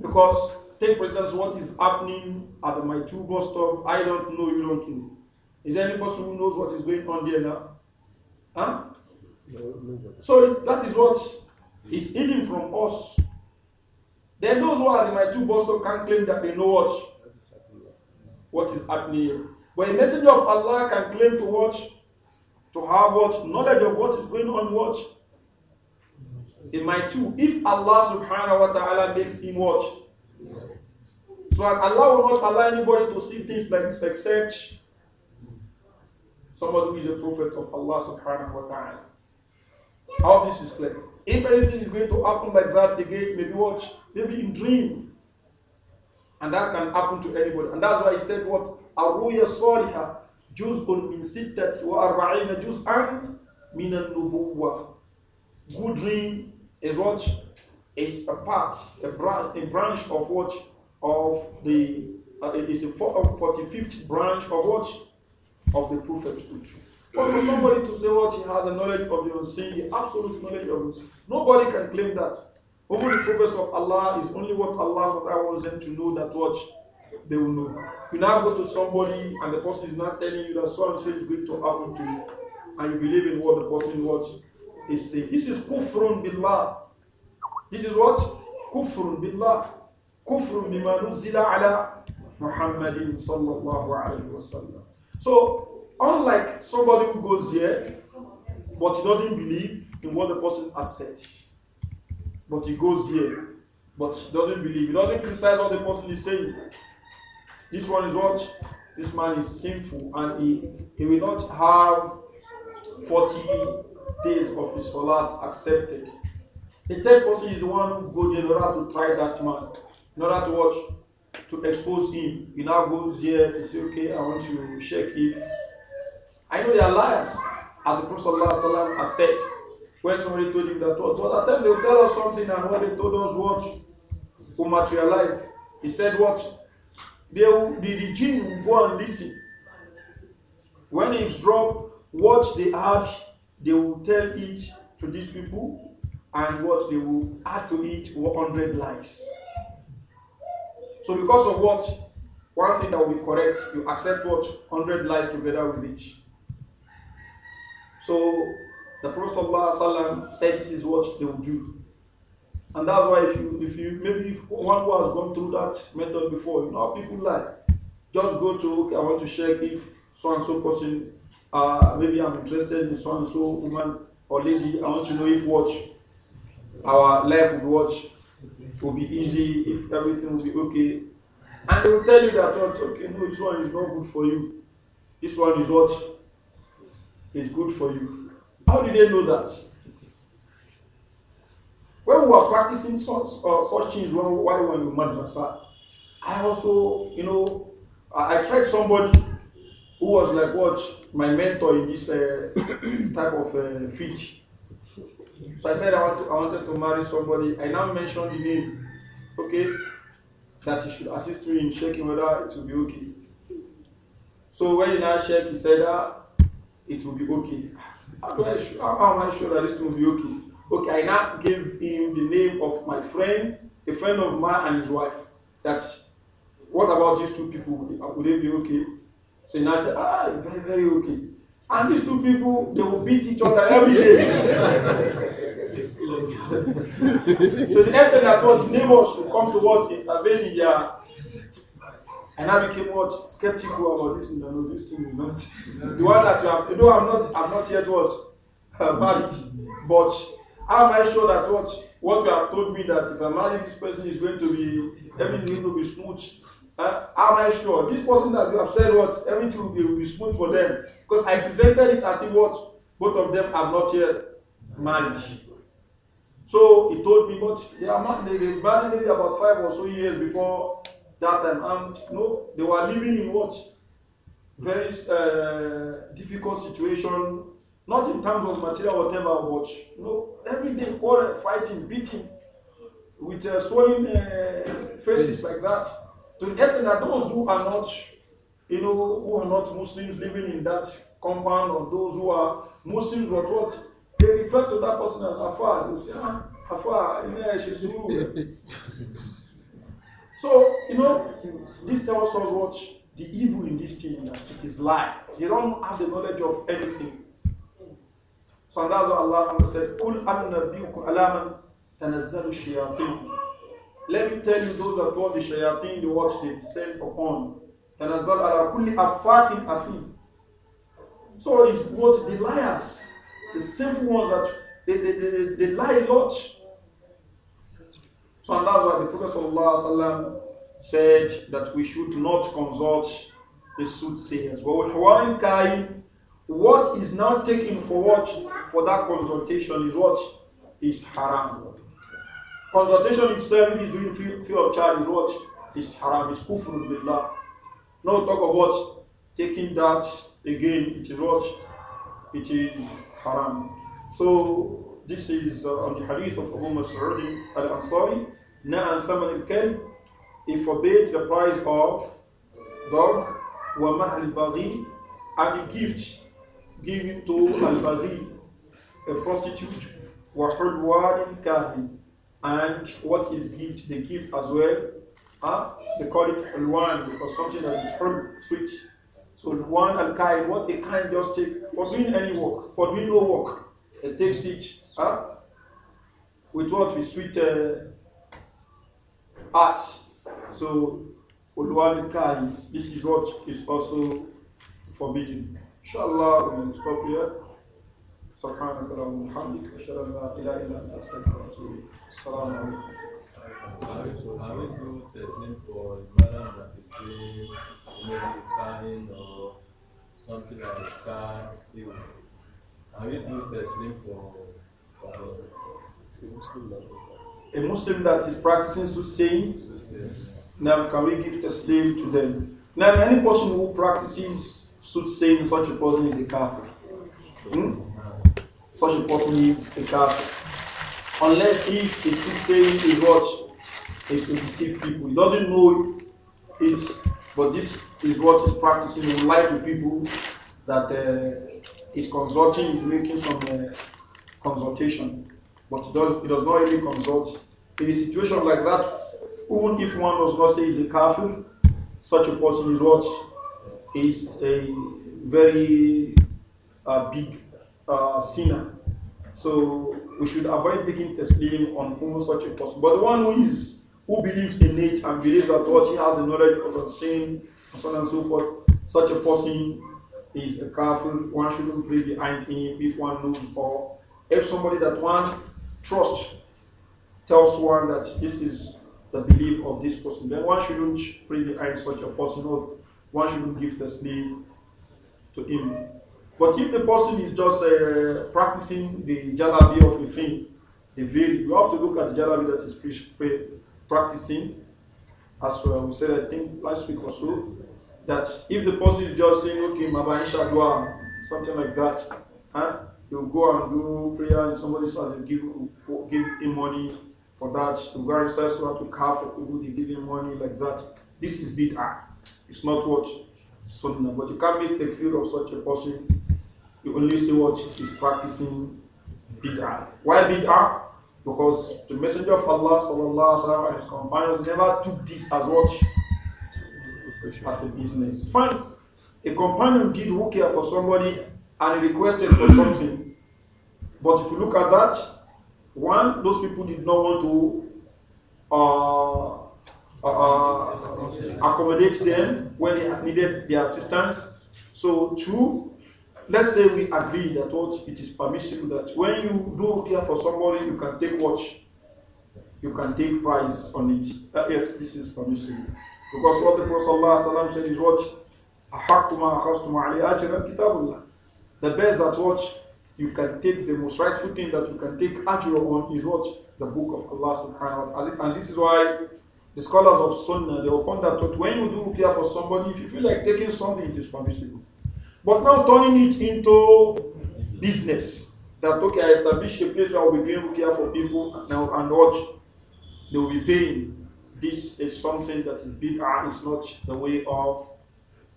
Because take for instance what is happening at the Maitu bus stop. I don't know, you don't know. Is there any person who knows what is going on there now? Huh? No, no, no. So that is what is hidden from us. Then those who are in my two also can claim that they know what? What is happening But a messenger of Allah can claim to watch, to have what? Knowledge of what is going on, what? In my two, if Allah subhanahu wa ta'ala makes him watch. So Allah will not allow anybody to see things like this except somebody who is a prophet of Allah subhanahu wa ta'ala. How this is clear. If anything is going to happen like that again, maybe watch, maybe in dream. And that can happen to anybody. And that's why he said what? Arruya Soliha, Juz'un min sittati wa arba'ina juz'an min al Good dream is what? Is a part, a branch, a branch of what? Of the, uh, it is a 45th branch of what? Of the prophethood. But for somebody to say what he had, the knowledge of the unseen, the absolute knowledge of unseen, nobody can claim that. Only the prophets of Allah is only what Allah wants them to know that what they will know. You now go to somebody and the person is not telling you that so and so is going to happen to you, and you believe in what the person what is saying. This is kufrun billah. This is what kufrun billah, kufrun bima nuzila ala Muhammadin sallallahu alaihi wasallam. So Unlike somebody who goes here, but he doesn't believe in what the person has said. But he goes here, but he doesn't believe. He doesn't criticize what the person is saying. This one is what? This man is sinful and he, he will not have 40 days of his salat accepted. The third person is the one who goes in order to try that man, in order to watch, to expose him. He now goes here to say, okay, I want to check if I know they are liars. As the Prophet ﷺ has said, when somebody told him that what, oh, what at time they tell us something and when they told us what will materialize. He said what? They will, the, the jinn will go and listen. When it's dropped, what they add, they will tell it to these people and what they will add to it 100 lies. So because of what? One thing that will be correct, you accept what? 100 lies together with it. So the Prophet ﷺ said this is what they would do. And that's why if you if you maybe if one who has gone through that method before, you know people lie. Just go to okay, I want to check if so and so person uh, maybe I'm interested in so and so woman or lady. I want to know if watch our life would watch will be easy, if everything will be okay. And they will tell you that oh, okay, no, this one is not good for you. This one is what is good for you. How did they know that? When we were practicing such, uh, such things while we were in madrasa, I also, you know, I, I tried somebody who was like what my mentor in this uh, <coughs> type of uh, So I said I, want to, I wanted to marry somebody. I now mentioned the name, okay, that he should assist me in checking whether it will be okay. So when he now checked, he said, ah, it will be okay. How, do I, how am I sure that this will be okay? Okay, I now give him the name of my friend, a friend of mine and his wife. That's what about these two people? Would they, be okay? So now I say, ah, ah, very, very okay. And these two people, they will beat each other every day. <laughs> so the next thing I thought, neighbors will come to what intervene in their And I became what? Skeptical about this. No, no, this thing is not. the one that you have, you know, I'm not, I'm not yet what? <laughs> married. But how am I sure that what, what you have told me that if I marry this person is going to be, everything will be smooth? Uh, am I sure? This person that you have said what, everything will be, will be smooth for them. Because I presented it as if what, both of them are not yet married. So he told me, but they are married, they were married maybe about five or so years before that time. Um, and no, they were living in what? Very uh, difficult situation, not in terms of material whatever, but you know, every day quarrel, fighting, beating, with uh, swollen uh, faces yes. like that. To the extent that those who are not, you know, who are not Muslims living in that compound, or those who are Muslims what what, they refer to that person as Afar. You see, ah, Afar, you know, she's so, you know, this tells us what the evil in this thing is it is lie. They don't have the knowledge of anything. So that's what Allah said, Qul annabiukum alaman tanazzalu shayateen. Let me tell you those that brought the shayateen, the ones they descend upon. Tanazzal ala kulli afakin asim. So it's what the liars, the sinful ones that they, they, they, they lie a lot and that's why the Prophet said that we should not consult the soothsayers. What is now taken for what? For that consultation is what? Is haram. Consultation itself is doing free, free of charge is what? Is haram. Is kufr billah. No talk of what? Taking that again, it is what? It is haram. So this is uh, on the hadith of Abu umm Mas'ud al-Ansari. نعم ثمن الكلب he forbade the price of dog ومهل البغي and the gift given to al a prostitute وحلوان الكاهن and what is gift the gift as well huh? they call it hulwan because something that is hul sweet so one al kahin what they can't just take for doing any work for doing no work it takes it huh? with what we sweet uh, so, this is what is also forbidden. Inshallah, we will stop here. سبحانك اللهم وبحمدك أشهد أن لا إله إلا أنت أستغفرك وأتوب إليك السلام عليكم something like that? a Muslim that is practicing soothsaying, now can we give the slave to them? Now, any person who practices soothsaying, such a person is a kafir. Hmm? Such a person is a kafir. Unless if the soothsaying is what? Is to deceive people. He doesn't know it, but this is what he's practicing in life to people that uh, he's consulting, he's making some uh, consultation. But it does, it does not even consult. In a situation like that, even if one does not say he's a kafir, such a person is what? Is a very uh, big uh, sinner. So we should avoid making taslim on such a person. But one who is who believes in it and believes that what he has the knowledge of the sin, and so on and so forth, such a person is a kafir. One shouldn't pray behind him if one knows, or if somebody that one trust tells one that this is the belief of this person, then one shouldn't pray behind such a person or one shouldn't give the sleep to him. But if the person is just uh, practicing the jalabi of a thing, the veil, you have to look at the jalabi that is practicing. As we said, I think last week or so, that if the person is just saying, okay, Maba Inshadwa, something like that, huh? He'll go and do prayer in somebody's house, they give, give him money for that. He'll go and recite to car for people, they give him money like that. This is bid'ah. It's not what sunnah. But you can't make the fear of such a person. You only see what is practicing bid'ah. Why bid'ah? Because the Messenger of Allah وسلم, and his companions never took this as what? As a business. Fine. A companion did here for somebody and requested for something. But if you look at that, one, those people did not want to uh, uh, uh, accommodate them when they needed their assistance. So, two, let's say we agree that what it is permissible that when you do care for somebody, you can take what you can take price on it. Uh, yes, this is permissible because what the Prophet said is what. أحق ما أخذتم عليه أجرا كتاب الله the best that what you can take, the most rightful thing that you can take ajra on is what? The book of Allah subhanahu wa ta'ala. And this is why the scholars of Sunnah, they will that thought, that when you do care for somebody, if you feel like taking something, it is permissible. But now turning it into business, that okay, I establish a place where I'll be doing care for people now and what they will be paying. This is something that is big and it's not the way of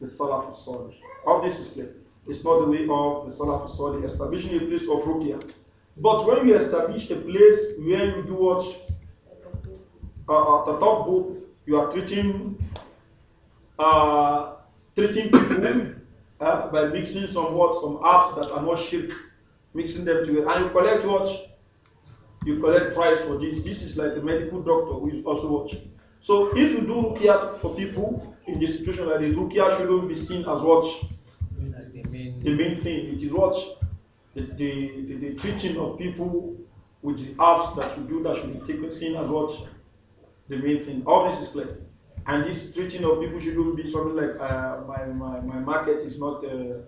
the Salaf Salih. All this is clear. It's not the way of the Salaf Salih, establishing a place of rukia. But when you establish a place where you do what? Uh, the top book, you are treating uh, treating people <coughs> uh, by mixing some words, some apps that are not shirk, mixing them together. And you collect what? You collect price for this. This is like a medical doctor who is also watching. So if you do rukia for people in this situation like this, shouldn't be seen as what? the main thing. It is what the, the, the, the treating of people with the apps that we do that should be taken seen as what the main thing. All this is clear. And this treating of people shouldn't be something like uh, my, my, my market is not uh,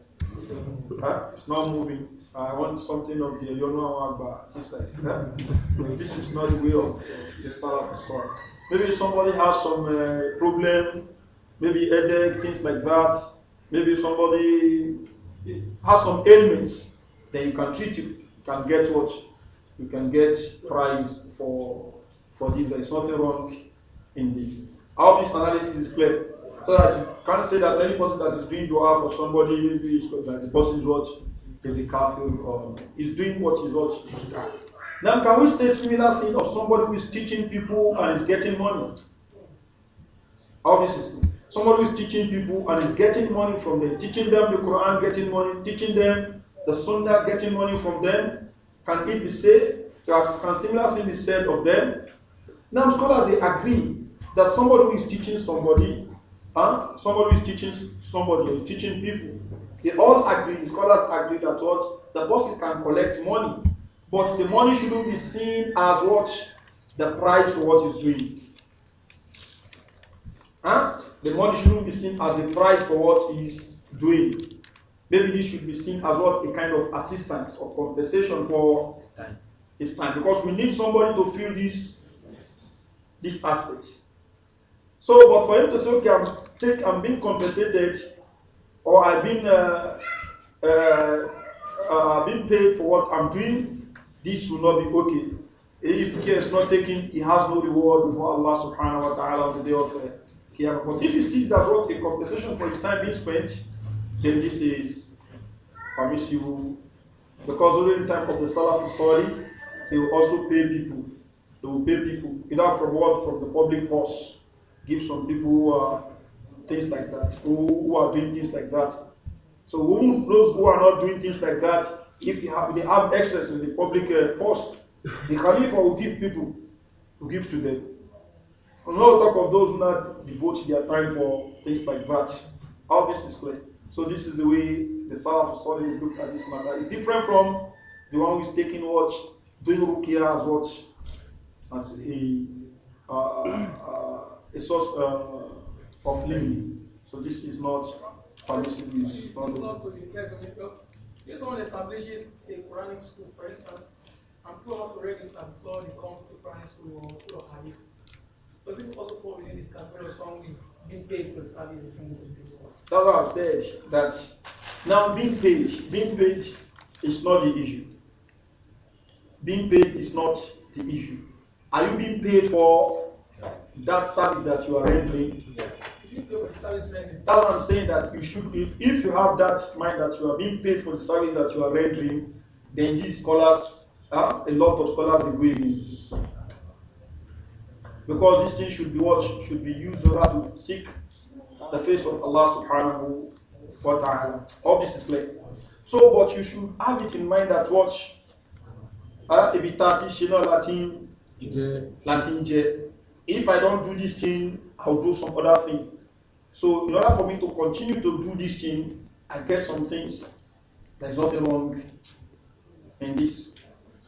uh, it's not moving. I want something of the Yono but Just like this is not the way of the the story. Maybe somebody has some uh, problem, maybe headache, things like that. Maybe somebody has some ailments, then you can treat it. You can get what? You can get prize for for this. There is nothing wrong in this. All this analysis is clear. So that you can't say that any person that is doing dua for somebody, maybe it's that the person is what is the kafir or is doing what is what. Now, can we say similar thing of somebody who is teaching people and is getting money? All this is clear. Somebody who is teaching people and is getting money from them, teaching them the Quran, getting money, teaching them the Sunnah, getting money from them. Can it be said? Can similar thing be said of them? Now scholars they agree that somebody who is teaching somebody, huh? somebody who is teaching somebody, is teaching people, they all agree, the scholars agree that what the person can collect money, but the money shouldn't be seen as what the price for what he's doing. Huh? The money shouldn't be seen as a price for what he's doing. Maybe this should be seen as what a kind of assistance or compensation for time. his time. Because we need somebody to fill this, this aspect. So, but for him to say, okay, I'm, take, I'm being compensated or I've been, uh, uh, uh, being paid for what I'm doing, this will not be okay. If care is not taken, he has no reward before Allah subhanahu wa ta'ala on the day of uh, but if he sees as what a compensation for his time being spent, then this is permissible. Because during the time of the for Sali, they will also pay people. They will pay people, either from what? From the public purse. Give some people who are things like that, who, who are doing things like that. So who, those who are not doing things like that, if they have, they have access in the public uh, purse, the Khalifa will give people, will give to them. And no talk of those who not devote their time for things like that. All this is clear. So this is the way the Salaf Salih look at this matter. It's different from the one who is taking what doing ruqya as what as a uh, uh a source um, uh, of living. So this is not permissible. It's not to be someone establishes a Quranic school, for instance, and people have to register before they come to Quranic school or school of Hadith, does it also fall within this category of someone is being paid for the services rendered the world? That's what I said. That now being paid, being paid is not the issue. Being paid is not the issue. Are you being paid for that service that you are rendering? Yes. That's what I'm saying that you should if, if you have that mind that you are being paid for the service that you are rendering, then these scholars, uh, a lot of scholars agree with this. Because this thing should be what should be used in order to seek the face of Allah subhanahu wa ta'ala. All this is clear. So, but you should have it in mind that watch. Ah, Ebitati Shino Latin Latin J. If I don't do this thing, I'll do some other thing. So, in order for me to continue to do this thing, I get some things. There's nothing wrong in this.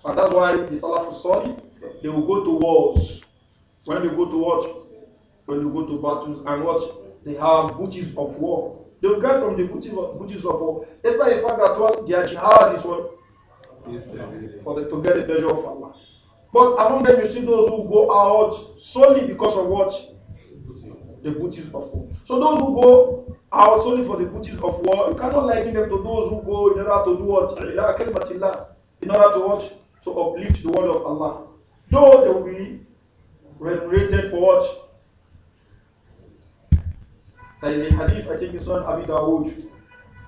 And that's why the Salafus Sali, they will go to wars when they go to what? When they go to battles and what? They have booties of war. They will get from the booties of, booties of war. Despite the fact that what their jihad is what? For the, to get the pleasure of Allah. But among them, you see those who go out solely because of what? The booties of war. So those who go out solely for the booties of war, you cannot liken them to those who go in order to do what? In order to what? To uplift the word of Allah. Though they will be remunerated for what? There is a hadith, I think it's on Abi Dawood.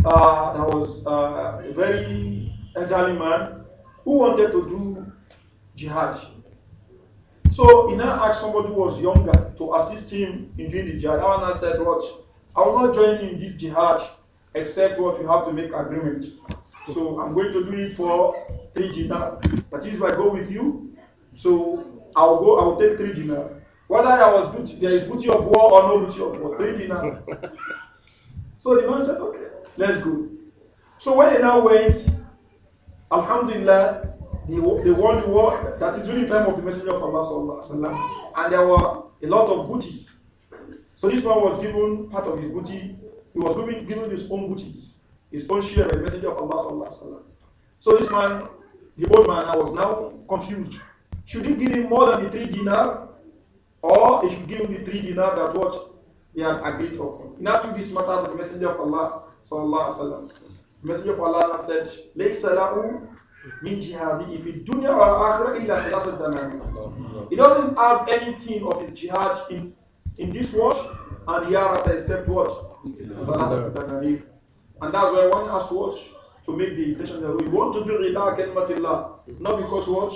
Uh, that was uh, a very elderly man who wanted to do jihad. So he now asked somebody who was younger to assist him in doing the jihad. And I said, What? I will not join you in this jihad except what you have to make agreement. So I'm going to do it for three jihad. But if I go with you. So I will go, I will take three dinner. Whether I was booty, there is booty of war or no booty of war, three dinner. <laughs> so the man said, okay, let's go. So when they now went, Alhamdulillah, they, they won the war. That is during the time of the Messenger of Allah sallam, and there were a lot of booties. So this man was given part of his booty. He was given, given his own booties, his own share by the Messenger of Allah sallam. So this man, the old man, I was now confused. Should you give him more than the three dinar? Or he should give him the three dinar that what they had agreed upon. He now took this matter to the Messenger of Allah. Sallallahu Alaihi Wasallam. The Messenger of Allah said, لَيْسَ If مِنْ جِهَادِهِ فِي الدُّنْيَا وَالْآخِرَةِ إِلَّا خِلَافَ الدَّمَامِ He doesn't have anything of his jihad in, in this world and hereafter except what? and that's why one has to watch to make the intention that we want to do ila kalimatillah, not because what?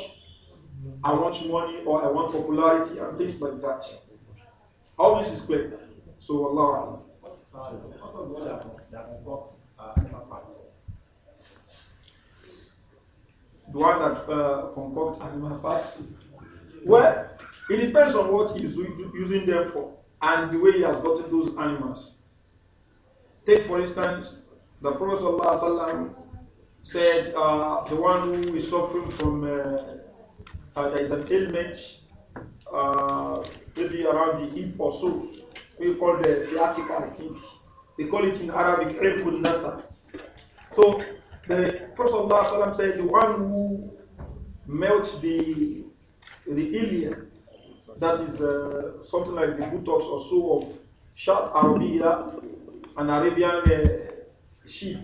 I want money or I want popularity and things like that. All this is clear. So Allah. The one that uh, concoct animal parts. Well, it depends on what he's using them for and the way he has gotten those animals. Take, for instance, the Prophet ﷺ said uh, the one who is suffering from uh, uh, there is an ailment uh, maybe around the hip or so. We call the sciatic. I think. They call it in Arabic Ibn Nasa. So the Prophet said, the one who melts the the ilia, that is uh, something like the buttocks or so of Shat Arabia, an Arabian uh, sheep.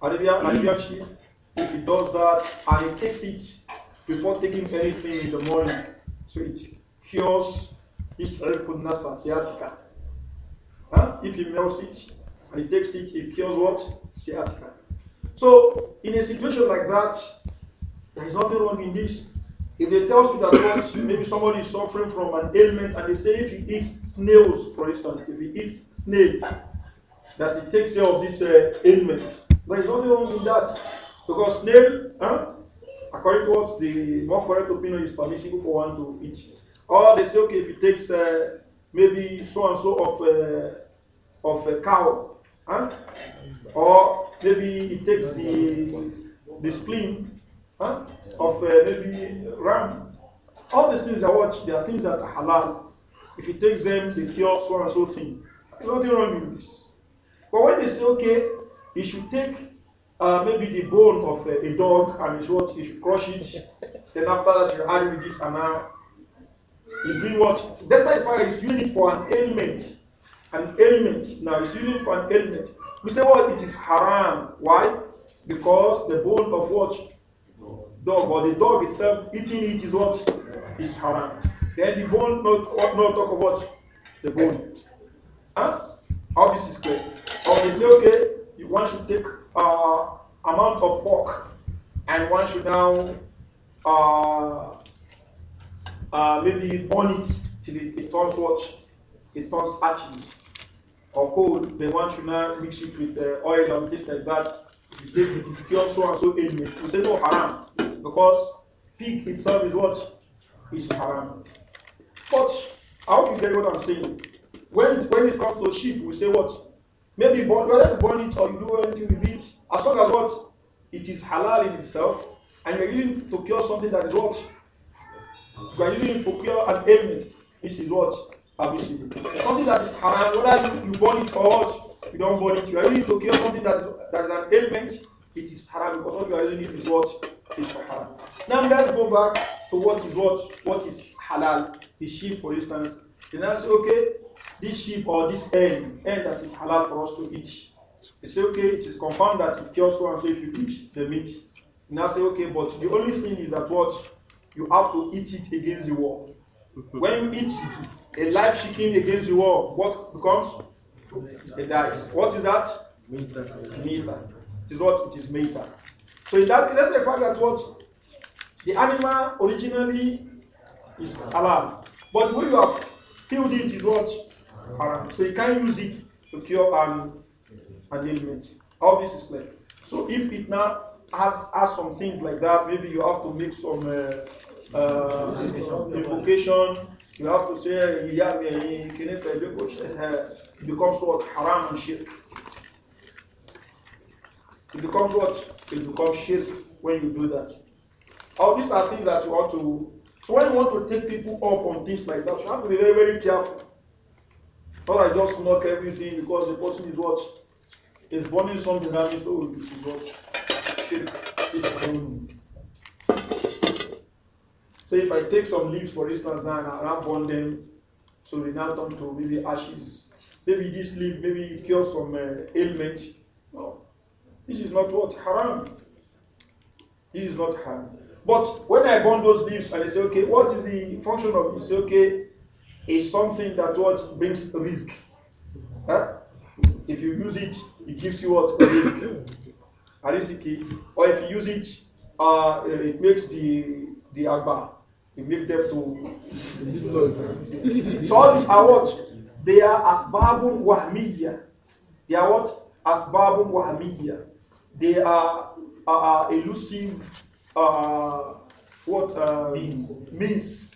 Arabian, Arabian sheep, if it does that and he takes it before taking anything in the morning. So it cures his irkudnas sciatica. Huh? If he melts it and he takes it, it cures what? Sciatica. So in a situation like that, there is nothing wrong in this. If they tell you that what, maybe somebody is suffering from an ailment and they say if he eats snails, for instance, if he eats snail, that it takes care of this uh, ailment. There is nothing wrong in that. Because snail, huh? according to what the more correct opinion is permissible for one to eat. Or they say, okay, if it takes uh, maybe so and so of uh, of a cow, huh? or maybe it takes the the spleen huh? of uh, maybe ram. All these things I watch, they are things that are halal. If it takes them, they cure so and so thing. There's nothing wrong with this. But when they say, okay, you should take uh, maybe the bone of a, a dog and it's what he should crush it. then after that, you add with this and now he's doing what? Despite the fact he's using it for an ailment. An ailment. Now he's using it for an ailment. We say, well, it is haram. Why? Because the bone of what? Dog or the dog itself eating it is what? Is haram. Then the bone, not, not talk about The bone. Huh? All this is clear. Or they say, okay, you want to take uh, amount of pork and one should now uh, uh, maybe burn it till it, it turns what? It turns ashes or coal. Then one should now mix it with uh, oil and things like that. You take it, it so and so ailments. We say no haram because pig itself is what? Is haram. But I hope you get what I'm saying. When, when it comes to sheep, we say what? Maybe burn, whether you burn it or you do anything with it, as long as what it is halal in itself, and you're using it to cure something that is what you are using it to cure an ailment, this is what permissible. Something that is haram, whether you, you burn it or what you don't burn it, you are using it to cure something that is that is an ailment, it is haram because what you are using it is what is haram. Now let's go back to what is what what is halal. The sheep, for instance, then I say okay. this sheep or this hen, hen that is halal for us to eat. You say, okay, it is confirmed that it kills so and so if you eat the meat. And I say, okay, but the only thing is that what? You have to eat it against the wall. <laughs> When you eat a live chicken against the wall, what becomes? It dies. What is that? Meat. It is what? It is Meat. So in that let the fact that what? The animal originally is halal. But the way you have killed it is what? So you can't use it to cure an, an ailment. All this is clear. So if it now has, has some things like that, maybe you have to make some uh, uh, invocation. You have to say, uh, it becomes what? Haram and shirk. It becomes what? It becomes shirk when you do that. All these are things that you ought to. So when you want to take people up on things like that, you have to be very, very careful. I just knock everything because the person is what? Is burning something that is, So this is what? burning. So if I take some leaves, for instance, and I burn them, so they now turn to maybe ashes. Maybe this leaf, maybe it cures some uh, ailment. No. This is not what? Haram. This is not haram. But when I burn those leaves and I say, okay, what is the function of it? say, okay, is something that what brings risk. Huh? If you use it, it gives you what risk. A risky. Or if you use it, uh, it makes the the agba. It makes them to. <laughs> so all these are what they are asbabun wahmiya. They are what asbabun wahmiya. They are uh, elusive. Uh, what uh, means means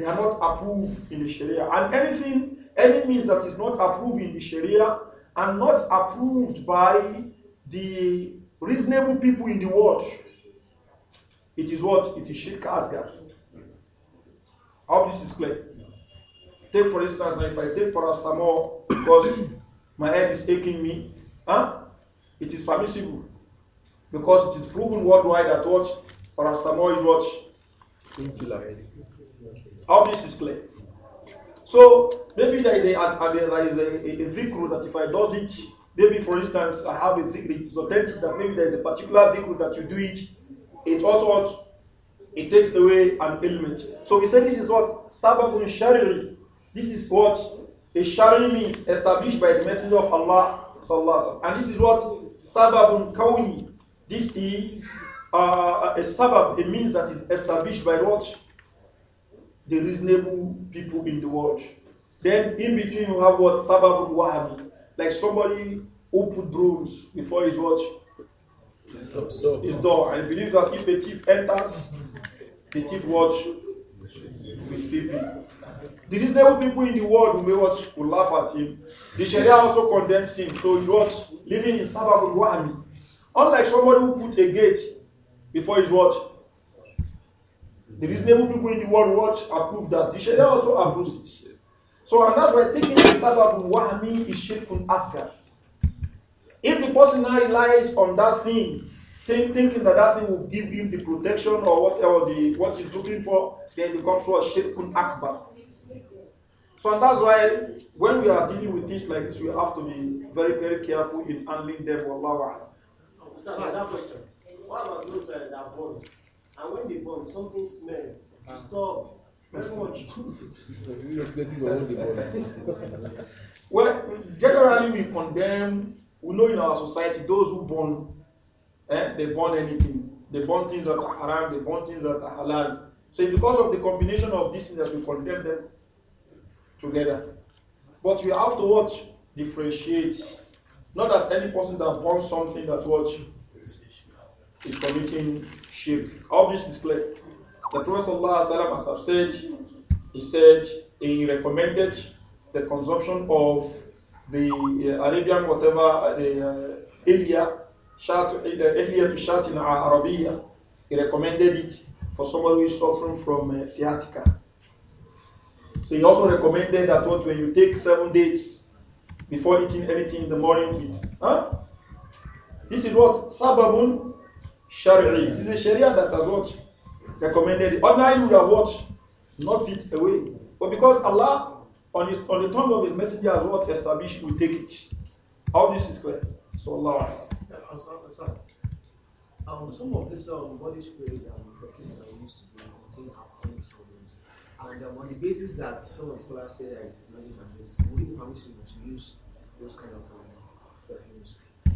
they are not approved in the Sharia. And anything, any means that is not approved in the Sharia and not approved by the reasonable people in the world, it is what? It is Shirk Asgar. I hope this is clear. Take for instance, if I take paracetamol because my head is aching me, huh? it is permissible because it is proven worldwide that what paracetamol is what? Painkiller. All this is clear. So maybe there is a, a, there is a, a, a zikr that if I do it, maybe for instance I have a zikr, it's authentic that maybe there is a particular zikr that you do it, it also it takes away an element. So we say this is what sababun shari'i. This is what a shari'i means established by the messenger of Allah And this is what sababun kauni. This is uh, a sabab, a means that is established by what the reasonable people in the world. Then in between you have what sababu wahabi, like somebody who put brooms before his watch, his door. I believe that if the thief enters, the thief watch will see him. The reasonable people in the world may watch will laugh at him. The Sharia also condemns him. So he was living in sababu wahabi. Unlike somebody who put a gate before his watch, The reasonable people in the world watch approve that. The Sharia also approves it. So, and that's why taking the sabab wahmi is shirkun askar. If the person now relies on that thing, think, thinking that that thing will give him the protection or whatever the what he's looking for, then it becomes a shirkun akbar. So, and that's why when we are dealing with things like this, we have to be very, very careful in handling them. Wallahu a'lam. What about those uh, that are born? And when they burn something smell, stop, very much. are of what they born. well, generally we condemn, we know in our society those who burn. eh, they burn anything. They burn things that are haram, they burn things that are halal. So because of the combination of these things, we condemn them together. But we have to watch, differentiate. Not that any person that burns something that is committing Obviously, All this is The Prophet ﷺ, as have said, he said he recommended the consumption of the uh, Arabian whatever uh, uh, uh, the Ilya Shat Ilya to Arabia. He recommended it for someone who is suffering from uh, sciatica. So he also recommended that what when you take seven dates before eating anything in the morning, huh? this is what sababun it is a Sharia that has what? Recommended it. Ordinarily would have what? Knocked it away. But because Allah, on, his, on the tongue of His Messenger, has what established, we take it. All this is clear. So Allah. Yeah, I'm sorry, I'm sorry. Um, some of this um, body spray um, that are used to contain alcoholic solvents. And um, on the basis that some scholars say that it is not used, and would it permission to use those kind of um,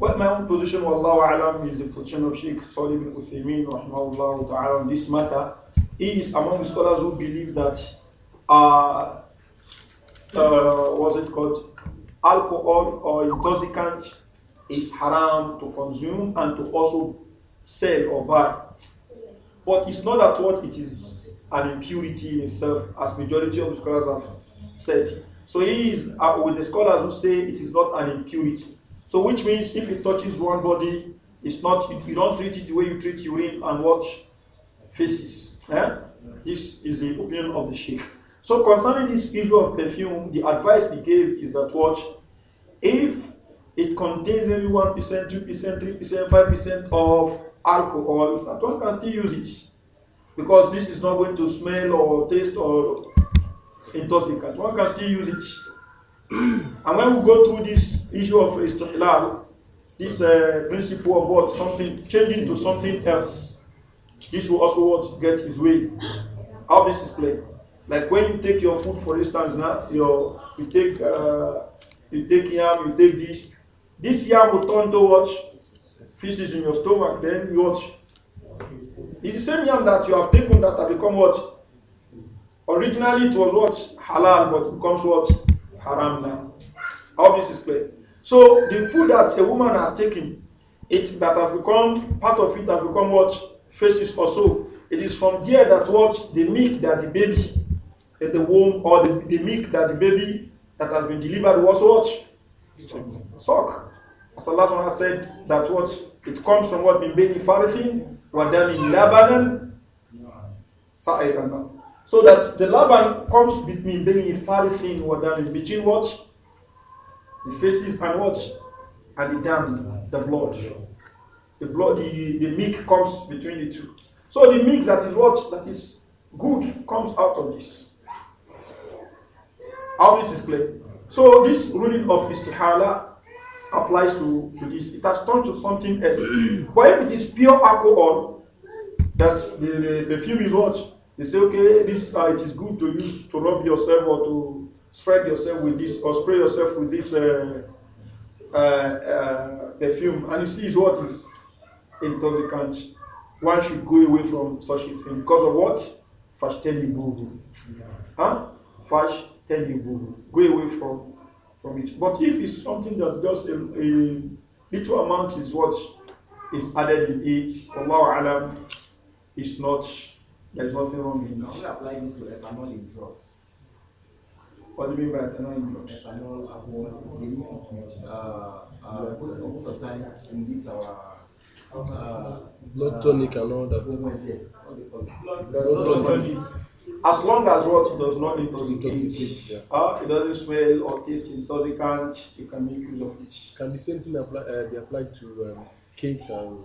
but my own position, Wallahu Alam, is the position of Sheikh Salih bin Uthaymeen, rahimahullah ta'ala, on this matter. He is among the scholars who believe that, uh, uh, what's it called, alcohol or intoxicant is haram to consume and to also sell or buy. But it's not at what it is an impurity in itself, as majority of the scholars have said. So he is uh, with the scholars who say it is not an impurity. So which means if it touches one body, it's not if you don't treat it the way you treat urine and what faces. Eh? This is the opinion of the Sheikh. So concerning this issue of perfume, the advice he gave is that watch, if it contains maybe 1%, 2%, 3%, 5% of alcohol, that one can still use it. Because this is not going to smell or taste or intoxicant. One can still use it. <clears throat> And when we go through this issue of istihlal, this uh, principle of what something changing to something else, this will also what get his way. How this is played. Like when you take your food, for instance, now your you take uh, you take yam, you take this. This yam will turn to what feces in your stomach. Then you watch. It's the same yam that you have taken that have become what. Originally it was what halal, but it becomes what haram now. How this is played. So the food that a woman has taken, it that has become part of it has become what faces or It is from there that what the milk that the baby that the womb or the, the milk that the baby that has been delivered was what? suck. As Allah said that what it comes from what min bani farithin wa dami labanan sa'iran. So that the laban comes between being bani what wa dami between what? the faces and what? And the damned, the blood. The blood, the, the milk comes between the two. So the meek that is what? That is good comes out of this. How this is clear. So this ruling of istihala applies to, to this. It has turned to something else. <clears throat> but if it is pure alcohol, that the, the, the film is what? They say, okay, this uh, it is good to use to rub yourself or to spread yourself with this or spray yourself with this uh, uh, uh, perfume and you see what is intoxicant one should go away from such a thing because of what fajtanibuhu huh fajtanibuhu go away from from it but if it's something that just a, a little amount is what is added in it allah alam is not there is nothing wrong in it. i will apply this to ethanol in drugs. What do you mean by ethanol in drugs? Ethanol, alcohol, they uh, uh, most, of the time, in this our uh, blood tonic and all that. Uh, as long as what does not intoxicate, yeah. uh, it doesn't smell or taste intoxicant, you can make use of it. Can the same thing apply? Uh, be applied to um, cakes and.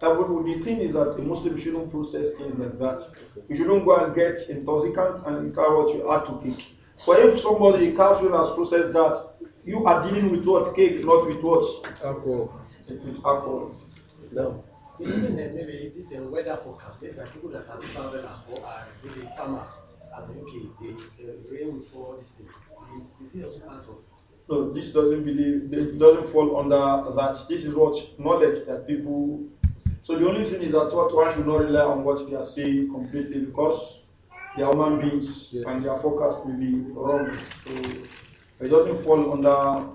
the thing is that the Muslim shouldn't process things like that. You shouldn't go and get intoxicant and you what you add to cake. But if somebody, comes in has processed that, you are dealing with what? Cake, not with what? Alcohol. With alcohol. No. Even uh, maybe this is uh, a weather forecast. There are people that are traveling or uh, are really farmers. As okay, they uh, rain before this thing. Is, is it also part of no, this doesn't believe it doesn't fall under that. This is what knowledge that people so the only thing is that what one should not rely on what they are saying completely because they are human beings yes. and their focus may be wrong. So it doesn't fall under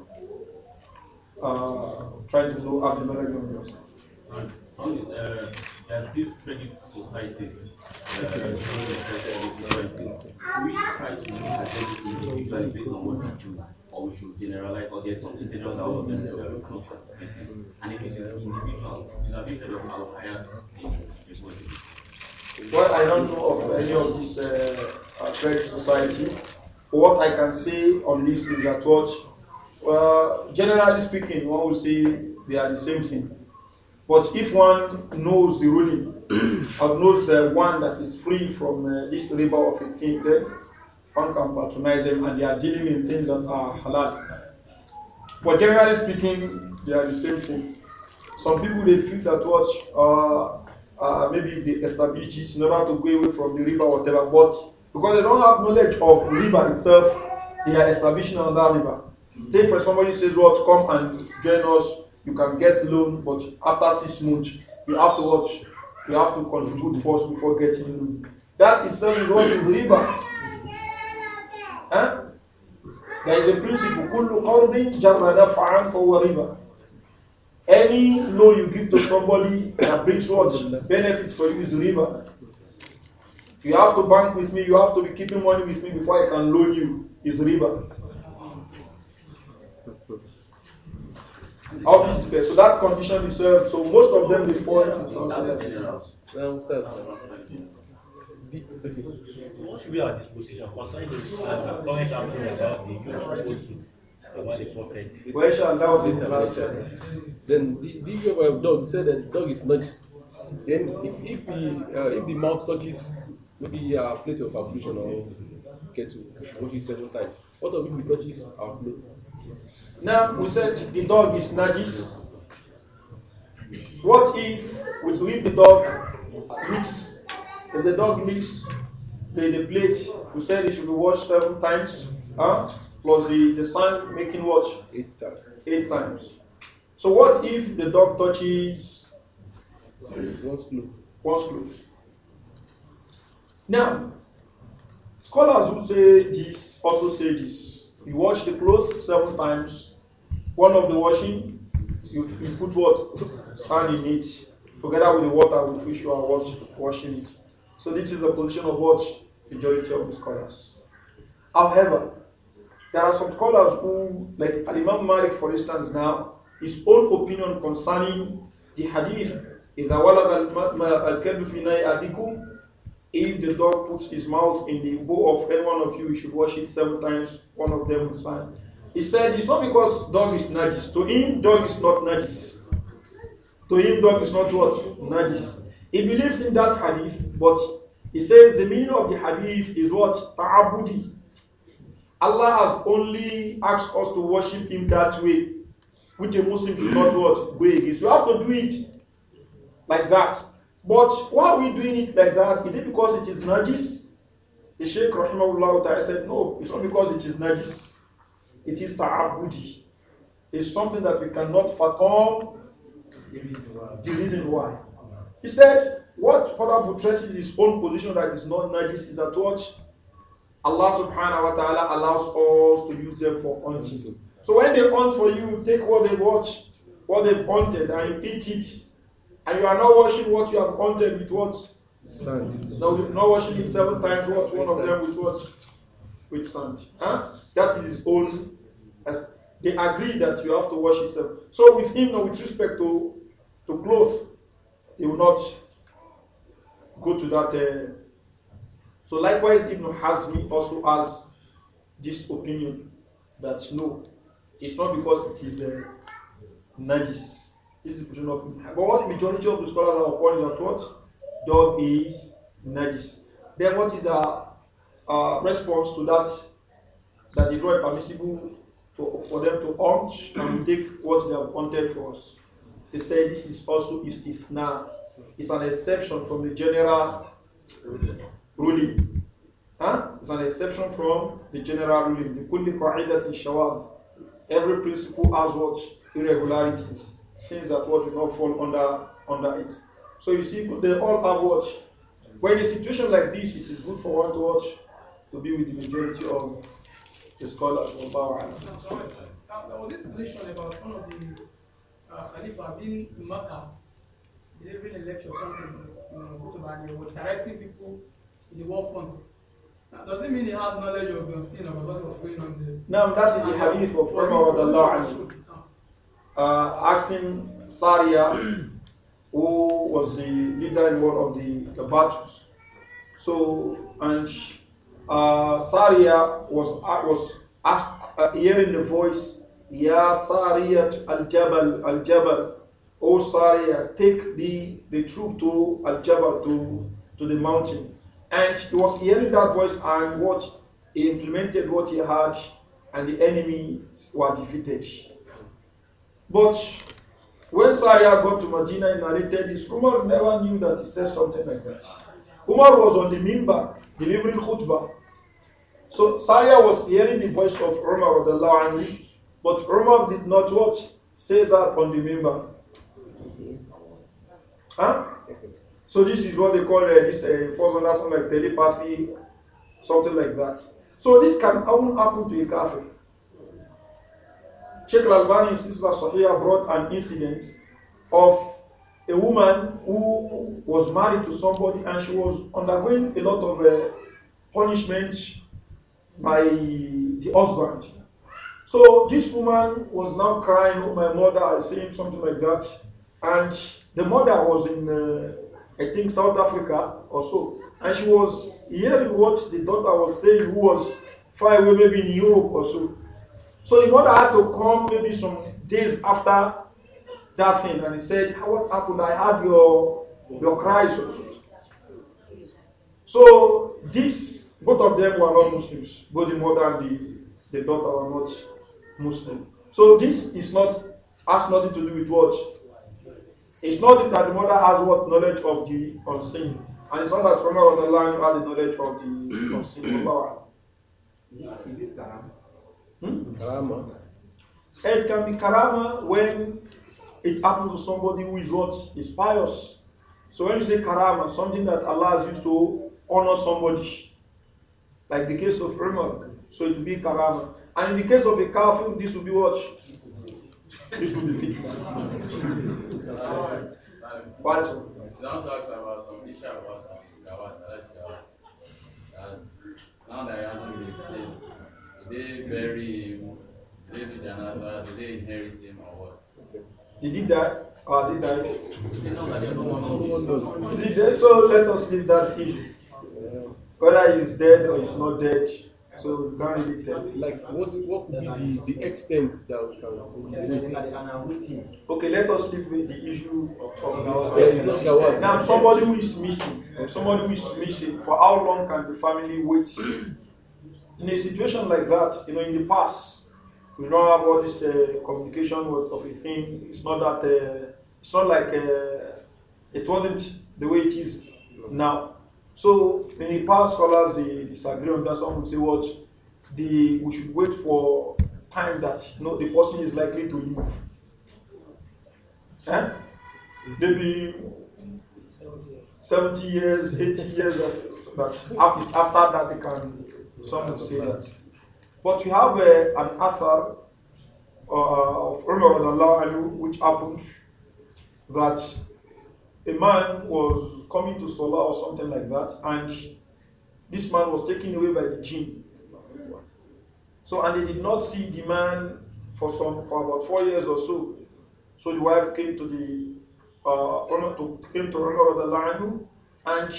uh, trying to do abnormality on yourself. Right. Okay. Uh, these credit societies, uh, we try to based on what we do, or we should generalize, or there's something general that all of them are not participating. And if it is individual, it's a bit of our higher thing. Well, I don't know of any of these uh, credit society. What I can say on this is that what, uh, generally speaking, one would say they are the same thing. But if one knows the ruling, <clears throat> or knows uh, one that is free from uh, this riba of a thing, then one can patronize them and they are dealing in things that are halal. But generally speaking, they are the same thing. Some people they feel that what uh, uh, maybe the establish beaches in order to go away from the river, whatever. But because they don't have knowledge of river itself, they are establishing another river. Take for somebody says, "What come and join us? You can get loan, but after six months, you have to watch. You have to contribute first before getting loan." That itself is what is riba. Huh? There is a principle. كل قرض جر نفعا فهو ربا. Any loan you give to somebody that brings what benefit for you is riba. You have to bank with me, you have to be keeping money with me before I can loan you is river. How this is So that condition is served. Uh, so most of them they fall into something What should be our disposition concerning uh, the point I'm talking about the youth about the prophet. Where shall thou be Then the, the of a dog said that the dog is najis. Then if if the uh, if the mouth touches maybe a uh, plate of ablution or kettle, we should wash it seven times. What of if it touches our plate? Now we said the dog is najis. What if we leave the dog licks? If the dog licks the, the plate, we said it should be washed several times. Huh? plus the, the sand making what? Eight times. Eight times. So what if the dog touches one screw? One screw. Now, scholars who say this also say this. You wash the clothes seven times. One of the washing, you, you put what? Sand in it, together with the water with which you are wash, washing it. So this is the position of what majority of the scholars. However, there are some scholars who, like Imam Malik, for instance, now, his own opinion concerning the hadith, If the dog puts his mouth in the bowl of any one of you, you should wash it seven times, one of them will sign. He said, it's not because dog is najis. To him, dog is not najis. To him, dog is not what? Najis. He believes in that hadith, but he says the meaning of the hadith is what? Ta'abudi. Allah has only asked us to worship Him that way, which a Muslim should not what, go against. You have to do it like that. But why are we doing it like that? Is it because it is najis? The Sheikh Rahimahullah said, no, it's not because it is najis. It is ta'abudi. It's something that we cannot fathom the reason why. He said, what further buttresses his own position that is not najis is that what Allah subhanahu wa ta'ala allows us to use them for hunting. So when they hunt for you, take what they watch, what they've hunted, and eat it. And you are not washing what you have hunted with what? Sand. No, you're not washing it seven times what? One of them with what? With sand. Huh? That is his own. As they agree that you have to wash yourself. So with him, now with respect to, to clothes, he will not go to that. Uh, So likewise, Ibn Hazmi also has this opinion that no, it's not because it is a uh, najis. This is the of But what majority of the scholars are calling that what? Dog is najis. Then what is our, response to that? That is not permissible to, for them to hunt and <clears throat> take what they have hunted for us. They say this is also istifna. It's an exception from the general ruling. Huh? It's an exception from the general ruling. The kulli qa'idat in shawaz. Every principle has what irregularities, things that what do not fall under under it. So you see, they all have what. When a situation like this, it is good for one to watch to be with the majority of the scholars of Bahrain. There this question about one of the uh, Khalifa being in Makkah, delivering a lecture or something, you know, directing people in the war front. Now, does it mean he had knowledge of the sin about what was going on there? No, that is the hadith of Umar radiallahu anhu. Uh, asking Saria, who was the leader in one of the, the battles. So, and uh, Saria was, uh, was asked, uh, hearing the voice, Ya Sariyat al Jabal, al Jabal. O Saria, take the, the troop to al Jabal, to, to the mountain. And he was hearing that voice and what he implemented what he had, and the enemies were defeated. But when Sariah got to Medina and narrated this, Umar never knew that he said something like that. Umar was on the mimbar delivering khutbah. So Sariah was hearing the voice of Umar, anhu, but Umar did not what? Say that on the mimbar. Huh? So this is what they call uh, this uh, falls under something like telepathy, something like that. So this can even happen to a kafir. sheik Lalbani Al-Albani in Sisla Sahih brought an incident of a woman who was married to somebody and she was undergoing a lot of uh, punishment by the husband. So this woman was now crying, oh my mother, saying something like that. And the mother was in uh, I think South Africa also. And she was hearing what the daughter was saying, who was far away, maybe in Europe or so. So the mother had to come maybe some days after that thing and he said, What happened? I heard your your cries. So this both of them were not Muslims, both the mother and the, the daughter were not Muslim. So this is not has nothing to do with what It's not that the mother has what knowledge of the unseen. And it's not that Umar on the line had the knowledge of the mm-hmm. unseen. is, it, is it karama? Hmm? Karama. It can be karama when it happens to somebody who is what? Is pious. So when you say karama, something that Allah has used to honor somebody, like the case of Umar, so it would be karama. And in the case of a kafir, this will be what? this will be sick. but she now talks about some issue about um, Gawat, I Gawat. That now that Yazan is sick, did they bury him? Did they do Janaza? Did they inherit him or what? He did that. Or has he died? Is he dead? So let us leave that issue. Whether is dead or he's not dead, So like what what would be the, the extent that we can Okay, let us leave with the issue of yes, now somebody who is missing, somebody who is missing, for how long can the family wait? In a situation like that, you know, in the past, we don't have all this uh, communication of a thing. It's not that uh, it's not like uh, it wasn't the way it is now. So in the past scholars they disagree on that. Some would say what the we should wait for time that you know, the person is likely to leave. Eh? Maybe 70 years, 80 years, but after that they can some would say that. But we have uh, an author uh, of Umar which happened that a man was coming to Salah or something like that, and this man was taken away by the jinn. So, and they did not see the man for some for about four years or so. So the wife came to the uh, to, came to Umar and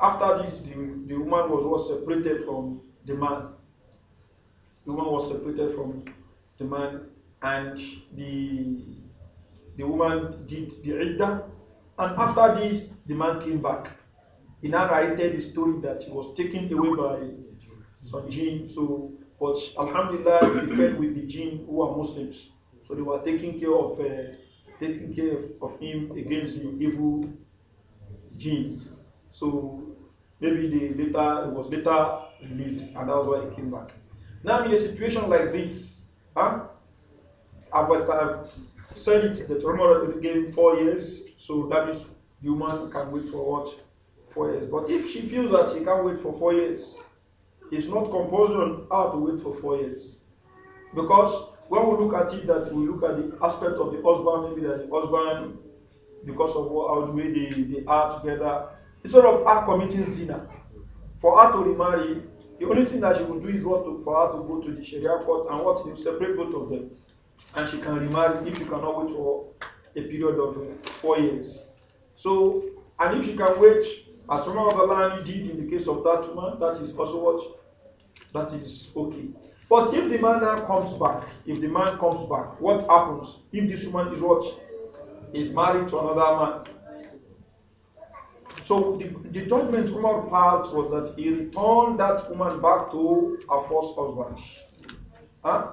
after this, the, the woman was, was separated from the man. The woman was separated from the man, and the the woman did the iddah And after this, the man came back. He narrated the story that he was taken away by some jinn. So, but Alhamdulillah, he fell with the jinn who are Muslims. So they were taking care of uh, taking care of him against the evil jinns. So maybe the later it was later released, and that's why he came back. Now in a situation like this, huh? i I've said it, the will give four years, so that means the woman can wait for what? Four years. But if she feels that she can't wait for four years, it's not compulsory on her to wait for four years. Because when we look at it, that we look at the aspect of the husband, maybe that the husband, because of what, how the way they, they are together, instead of her committing zina, for her to remarry, the only thing that she will do is what to, for her to go to the Sharia court and what to separate both of them. and she can remarry if she cannot wait for a period of four years. So, and if she can wait, as Umar of Allah did in the case of that woman, that is also what? That is okay. But if the man now comes back, if the man comes back, what happens? If this woman is what? Is married to another man. So the, the judgment Umar passed was that he returned that woman back to her first husband. Huh?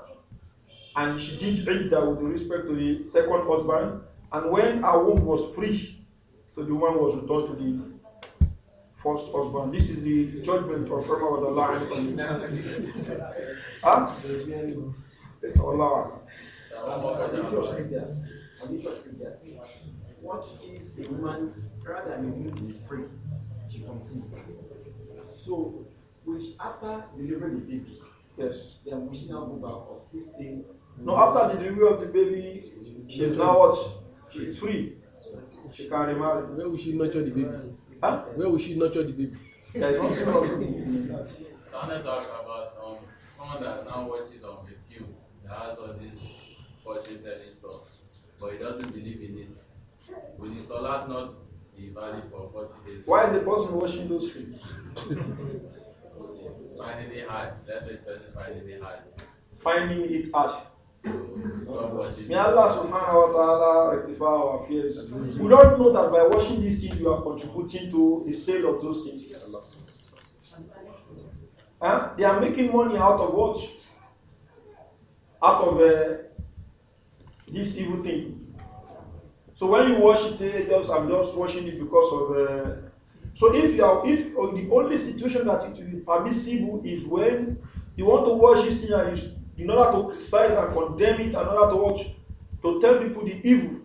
and she did iddah with respect to the second husband. And when her womb was free, so the woman was returned to the first husband. This is the judgment of Rama with Allah on it. huh? Allah. What if a woman, rather than a free, she conceived? So, which after delivering the baby, yes, then we should now go back or still stay No, after the delivery of the baby, she is now what? She is free. She can remarry. Where will she nurture the baby? Huh? Where will she nurture the baby? There is nothing wrong with that. So I want to talk about um, someone that now watches on the queue that has all this fortune telling stuff, but he doesn't believe in it. Will his solar not be valid for 40 days? Why is the person watching those things? finding it hard. That's what the person finding it hard. Finding it hard. May Allah subhanahu wa ta'ala rectify our affairs. We don't know that by washing these things, you are contributing to the sale of those things. Huh? They are making money out of what? Out of uh, this evil thing. So when you wash it, say, just, I'm just washing it because of. Uh, so if you are, if oh, the only situation that it will be permissible is when you want to wash this thing and you in order to criticize and condemn it, in order to watch, to tell people the evil,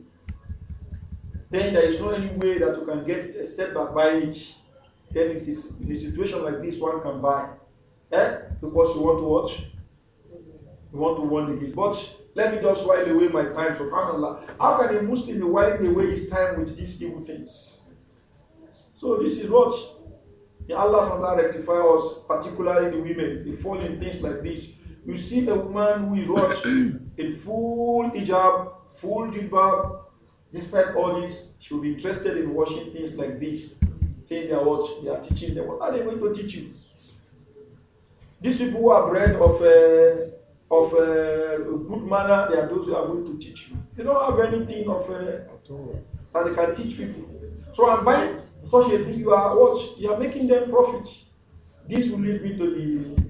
then there is no any way that you can get it except by buying it. Then it is, in a situation like this, one can buy. Eh? Because you want to watch, you want to warn against. But let me just while away my time, So, How can a Muslim be whiling away his time with these evil things? So this is what Allah Allah rectify us, particularly the women. the falling things like this. You see a woman who is what? <coughs> in full hijab, full jilbab. Despite all this, she will be interested in watching things like this, saying they are what they are teaching them. What are they going to teach you? These people who are bred of a uh, of uh, a good manner, they are those who are going to teach you. They don't have anything of uh, a, that they can teach people. So I'm buying such a thing. You are watch. you are making them profit. This will lead me to the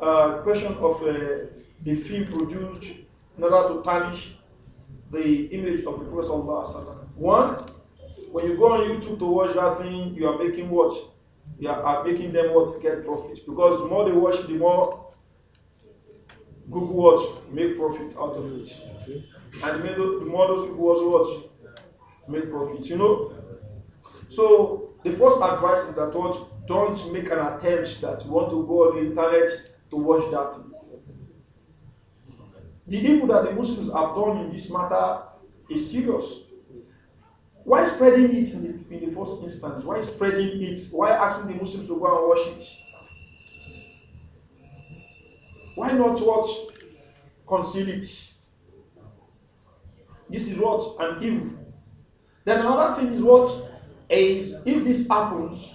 uh, question of uh, the film produced in order to tarnish the image of the Prophet Sallallahu One, when you go on YouTube to watch that thing, you are making what? You are making them what? Get profit. Because the more they watch, the more Google watch Make profit out of it. And the more those people watch Make profit. You know? So the first advice is that don't Don't make an attempt that you want to go on the internet to watch that. The evil that the Muslims have done in this matter is serious. Why spreading it in the, in the first instance? Why spreading it? Why asking the Muslims to go and wash it? Why not what? Conceal it. This is what? An evil. Then another thing is what? Is if this happens,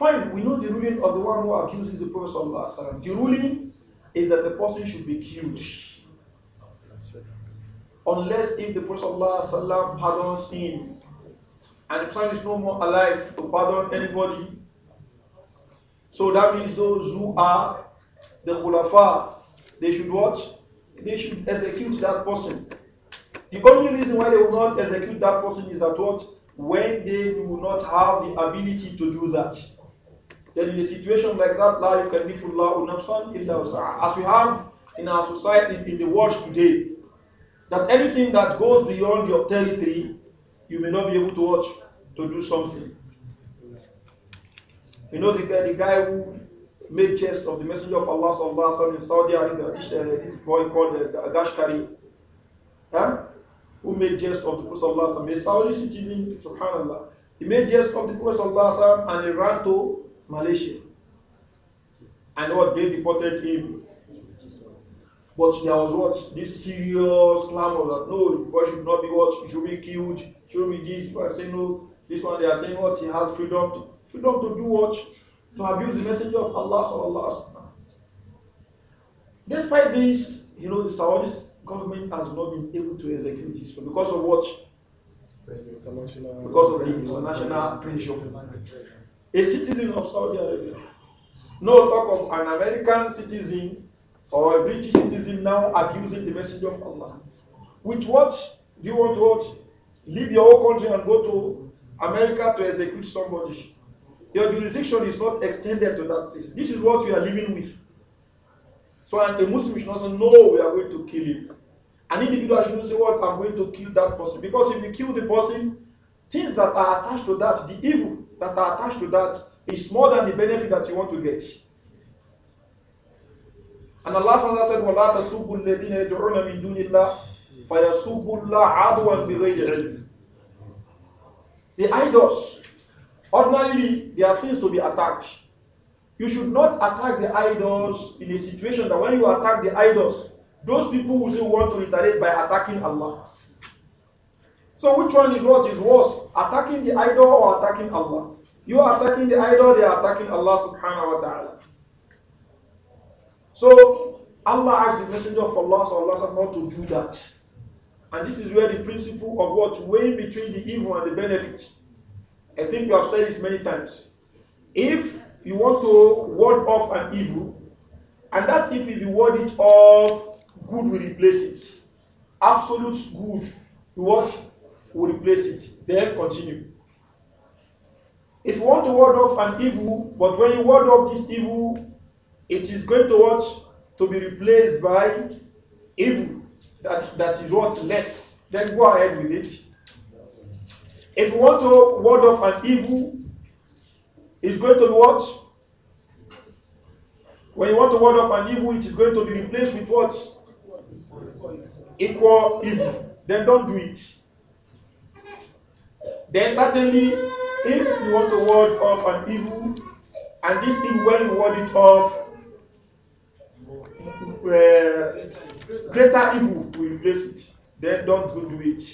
Fine, we know the ruling of the one who accuses the Prophet. ﷺ. The ruling is that the person should be killed. Unless if the Prophet ﷺ pardons him. And the person is no more alive to pardon anybody. So that means those who are the khulafa, they should what? They should execute that person. The only reason why they will not execute that person is at what? When they do not have the ability to do that. Then in a situation like that, la yukallifullahu nafsan illa As we have in our society, in the world today, that anything that goes beyond your territory, you may not be able to watch, to do something. You know the guy, the guy who made chest of the Messenger of Allah sallallahu in Saudi Arabia, this, uh, this boy called uh, Gashkari, huh? who made jest of the Prophet sallallahu a Saudi citizen, subhanallah. He made jest of the Prophet sallallahu and he ran to Malaysia. And what they deported him. But there was what? This serious clamor that no, because should not be what? Should be killed. Should be this. You I saying no. This one they are saying what? He has freedom to, freedom to do what? To abuse the messenger of Allah. Sallallahu Despite this, you know, the Saudis government has not been able to execute this because of what? Because of the international pressure. a citizen of Saudi Arabia. No talk of an American citizen or a British citizen now abusing the message of Allah. Which what do you want to watch? Leave your own country and go to America to execute somebody. Your jurisdiction is not extended to that place. This is what we are living with. So and a Muslim should not say, no, we are going to kill him. An individual should not say, what, well, I'm going to kill that person. Because if you kill the person, things that are attached to that, the evil, that are attached to that is more than the benefit that you want to get. And Allah said, وَلَا تَسُبُّ الَّذِينَ يَدْعُونَ مِن دُونِ اللَّهِ فَيَسُبُّ اللَّهَ عَدْوًا بِغَيْرِ عِلْمٍ The idols, ordinarily, they are things to be attacked. You should not attack the idols in a situation that when you attack the idols, those people who say want to retaliate by attacking Allah. So which one is what is worse? Attacking the idol or attacking Allah? You are attacking the idol, they are attacking Allah subhanahu wa ta'ala. So Allah asked the messenger of Allah sallallahu not to do that. And this is where the principle of what weighing between the evil and the benefit. I think you have said this many times. If you want to ward off an evil, and that if you ward it off, good will replace it. Absolute good, you what will replace it. Then continue. If you want to ward off an evil, but when you ward off this evil, it is going to what? To be replaced by evil that, that is what? Less. Then go ahead with it. If you want to ward off an evil, it's going to be what? When you want to ward off an evil, it is going to be replaced with what? Equal evil. Then don't do it. Then certainly, if you want to ward off an evil, and this evil, when you ward it off, uh, greater evil will replace it. Then don't do it.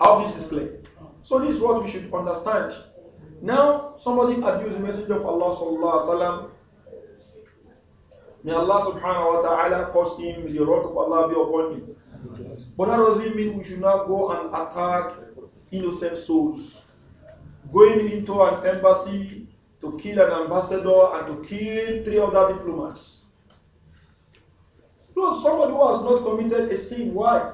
How this is clear. So this is what we should understand. Now, somebody abuse the message of Allah sallallahu alaihi wasallam. May Allah subhanahu wa ta'ala cause him, the wrath of Allah be upon him. But that doesn't mean we should not go and attack innocent souls, going into an embassy to kill an ambassador and to kill three other diplomats. No, somebody who has not committed a sin. Why?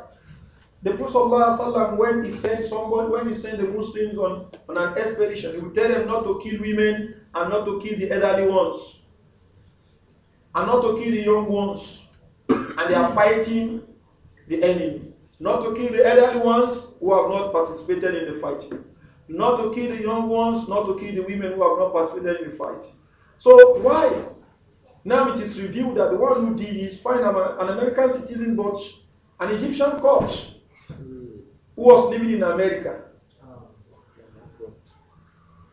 The Prophet ﷺ, when he sent someone, when he sent the Muslims on, on an expedition, he would tell them not to kill women and not to kill the elderly ones. And not to kill the young ones. and they are fighting the enemy. Not to kill the elderly ones who have not participated in the fight. Not to kill the young ones, not to kill the women who have not participated in the fight. So why? Now it is revealed that the one who did is find an American citizen but an Egyptian coach who was living in America.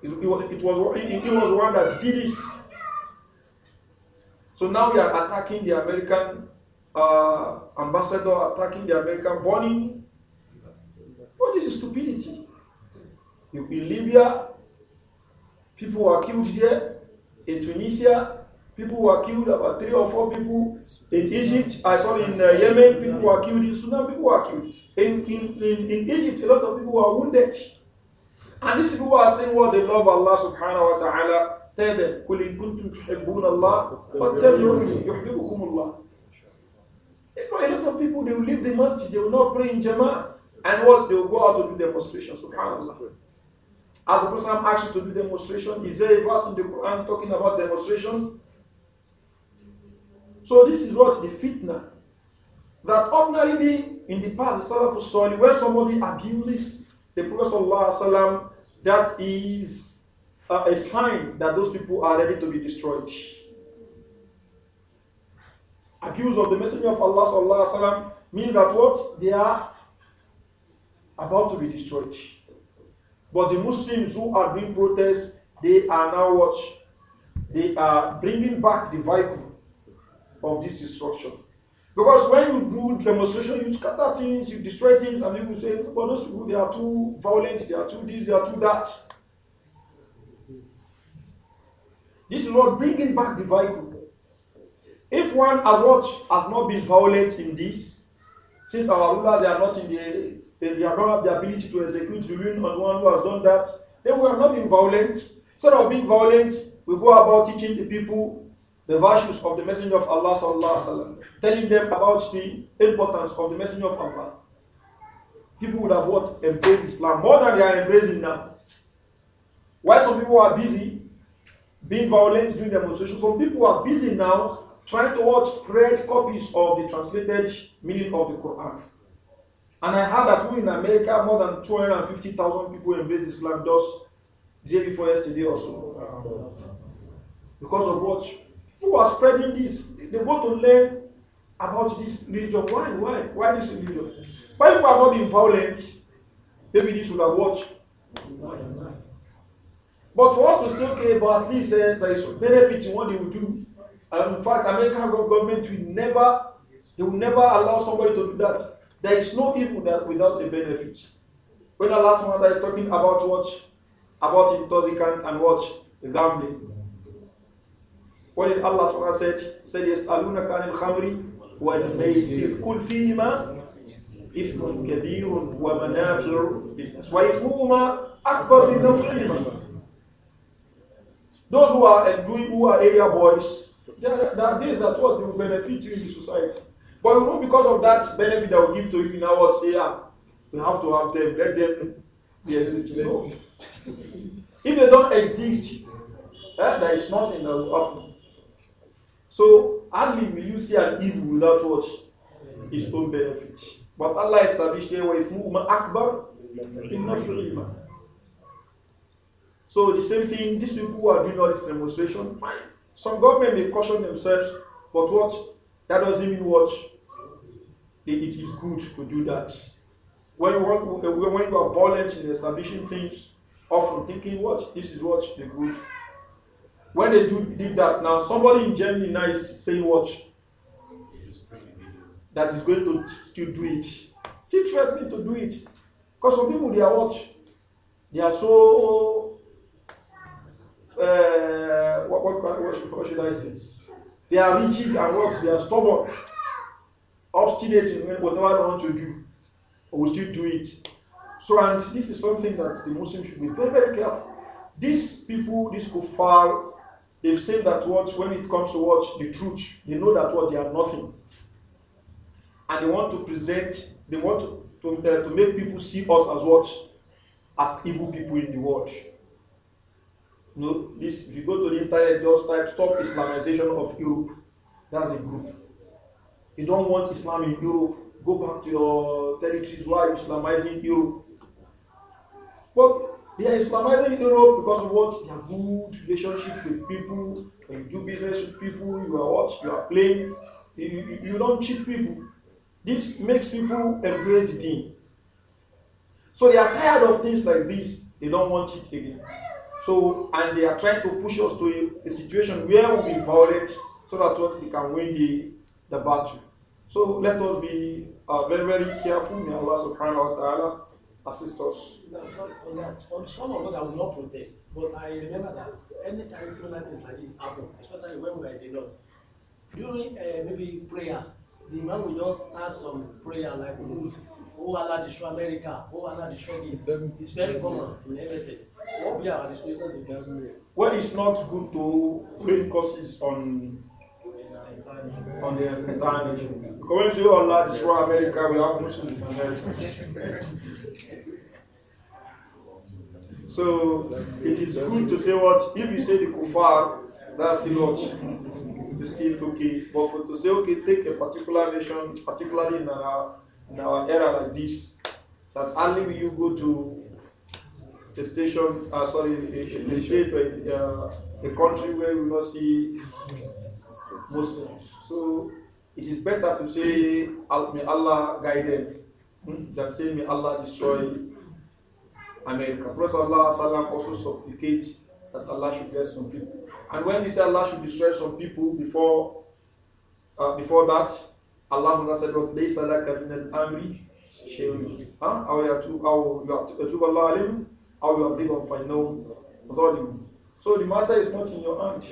It, was, it, was, it was one that did this. So now we are attacking the American uh, ambassador attacking the American, warning. What is stupidity? In Libya, people were killed there. In Tunisia, people were killed, about three or four people. In Egypt, I saw in uh, Yemen, people were killed. In Sudan, people were killed. In, in, in, in Egypt, a lot of people were wounded. And these people are saying what they love Allah subhanahu wa ta'ala. Tell them, قُلْ إِن كُنْتُمْ تُحِبُّونَ اللَّهِ فَاتَّبِعُونِي يُحْبِبُكُمُ اللَّهِ You know, a lot of people, they will leave the masjid, they will not pray in Jama'ah. And what? They will go out to do demonstration. SubhanAllah. As the person asked you to do demonstration, is there a verse in the Quran talking about demonstration? So this is what the fitna. That ordinarily in the past, the Salafus story when somebody abuses the Prophet Sallallahu that is a sign that those people are ready to be destroyed accused of the Messenger of Allah sallallahu alaihi wasallam means that what they are about to be destroyed. But the Muslims who are doing protests, they are now what they are bringing back the vehicle of this destruction. Because when you do demonstration, you scatter things, you destroy things, and people say, but those people, they are too violent, they are too this, they are too that. This is not bringing back the vehicle. If one has not, has not been violent in this, since our rulers they are not in the they, they don't have the ability to execute the ruin on one who has done that, then we are not being violent. Instead of being violent, we go about teaching the people the virtues of the Messenger of Allah, وسلم, telling them about the importance of the Messenger of Allah. People would have what? Embraced Islam more than they are embracing now. While some people are busy being violent during demonstrations, some people are busy now trying to what spread copies of the translated meaning of the Quran. And I heard that we in America, more than 250,000 people embrace Islam just day before yesterday or so. Because of what? Who are spreading this? They want to learn about this religion. Why? Why? Why this religion? Why people are not being violent? Maybe this would have what? But for us to say, okay, but at least uh, there is benefit in what they will do. And in fact, American government will never, they will never allow somebody to do that. There is no evil that without a benefit. When the last one that is talking about what, about intoxicant and what gambling. What did Allah SWT said? Said yes, aluna kanil khamri wal maisir kul ma ifnun kabirun wa manafi'u linnas wa ifhuhuma akbar min naf'ihima. Those who are doing who are area boys, there, there are days that what they will benefit you in the society. But you know, because of that benefit that will give to you, in our say, ah, we have to have them, let them be existing. No. if they don't exist, eh, there is nothing that will happen. So, hardly will you see an evil without what? His own benefit. But Allah established here with Akbar in So, the same thing, these people who are doing all this demonstration, fine. Some government may caution themselves, but what? That doesn't mean what? It is good to do that. When you, are violent in establishing things, often thinking what? This is what the good. When they do did that, now somebody in Germany now is saying what? That is going to still do it. Still threatening to do it. Because some people, they are what? They are so. Uh, what, what, what, should, what should I say? They are rigid and what? They are stubborn, obstinate in whatever they want to do. Or will still do it. So, and this is something that the Muslims should be very, very careful. These people, these kuffar, they've said that what, when it comes to what the truth, they know that what they are nothing. And they want to present, they want to, to, uh, to make people see us as what? As evil people in the world. No, this if you go to the internet, just type stop Islamization of Europe. That's a group. You don't want Islam in Europe. Go back to your territories. Why are you Islamizing Europe? But they are Islamizing Europe because of what? Their good relationship with people. When you do business with people, you are what? You are playing. You, you, you don't cheat people. This makes people embrace the team. So they are tired of things like this. They don't want it again. So, and they are trying to push us to a, a situation where we be violent so that what we can win the, the battle. So let us be uh, very, very careful. May Allah subhanahu wa ta'ala assist us. No, sorry, on that, on some of that, I will not protest. But I remember that anytime similar things like this happen, especially when we are in the north, during uh, maybe prayers, the man will just start some prayer like Ruth. Mm-hmm oh Allah destroy America, oh Allah destroy this. It's very common in MSS. What we are disposing the Well, it's not good to bring curses on on the entire nation. Because when you Allah oh, destroy America, we have Muslims in America. <laughs> so it is good to say what if you say the kuffar, that's still what still okay. But for to say okay, take a particular nation, particularly in Arab in our era like this, that only you go to the station, uh, sorry, the the state uh, uh, the uh, country where we not see Muslims. So it is better to say, may Allah guide them, hmm? than say, may Allah destroy America. Prophet also supplicates that Allah should bless some people. And when he said Allah should destroy some people before, uh, before that, اللهم صل ليس لك من الامر شيء او يتوب او يتوب الله عليهم او يعذبهم فانهم ظالمون so the matter is not in your hands.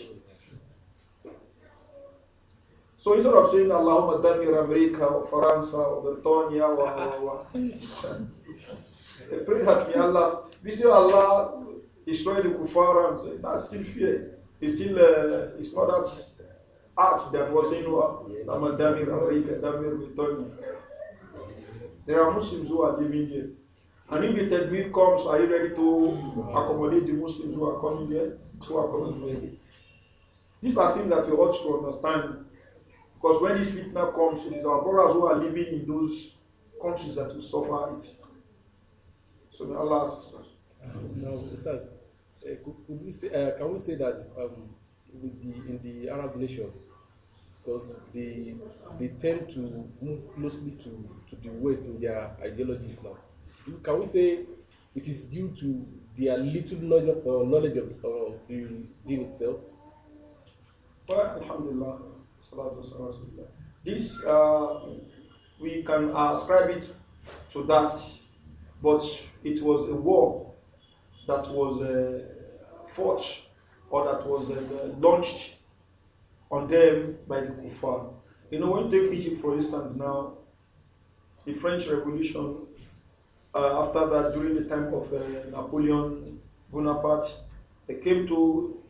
so instead of saying Allahumma or اللهم or امريكا وفرنسا وبريطانيا و و pray that may Allah we say Allah destroy the kuffar and say that's still fear it's still uh, it's not that art that was in Damir There are Muslims who are living here, And if the Tadmir comes, are you ready to accommodate the Muslims who are coming here? Who are coming here? These are things that you ought to understand. Because when this fitna comes, it is our brothers who are living in those countries that will suffer it. So may Allah assist us. Now, Ustaz, uh, could, could we say, uh, can we say that um, with the, in the Arab nation, because they they tend to move closely to, to the West in their ideologies now. Can we say it is due to their little knowledge, uh, knowledge of uh, the deen itself? Well, alhamdulillah, this uh, we can ascribe it to that, but it was a war that was uh, fought or that was uh, launched on them by the kuffar. You know, when you take Egypt for instance now, the French Revolution, uh, after that, during the time of uh, Napoleon Bonaparte, they came to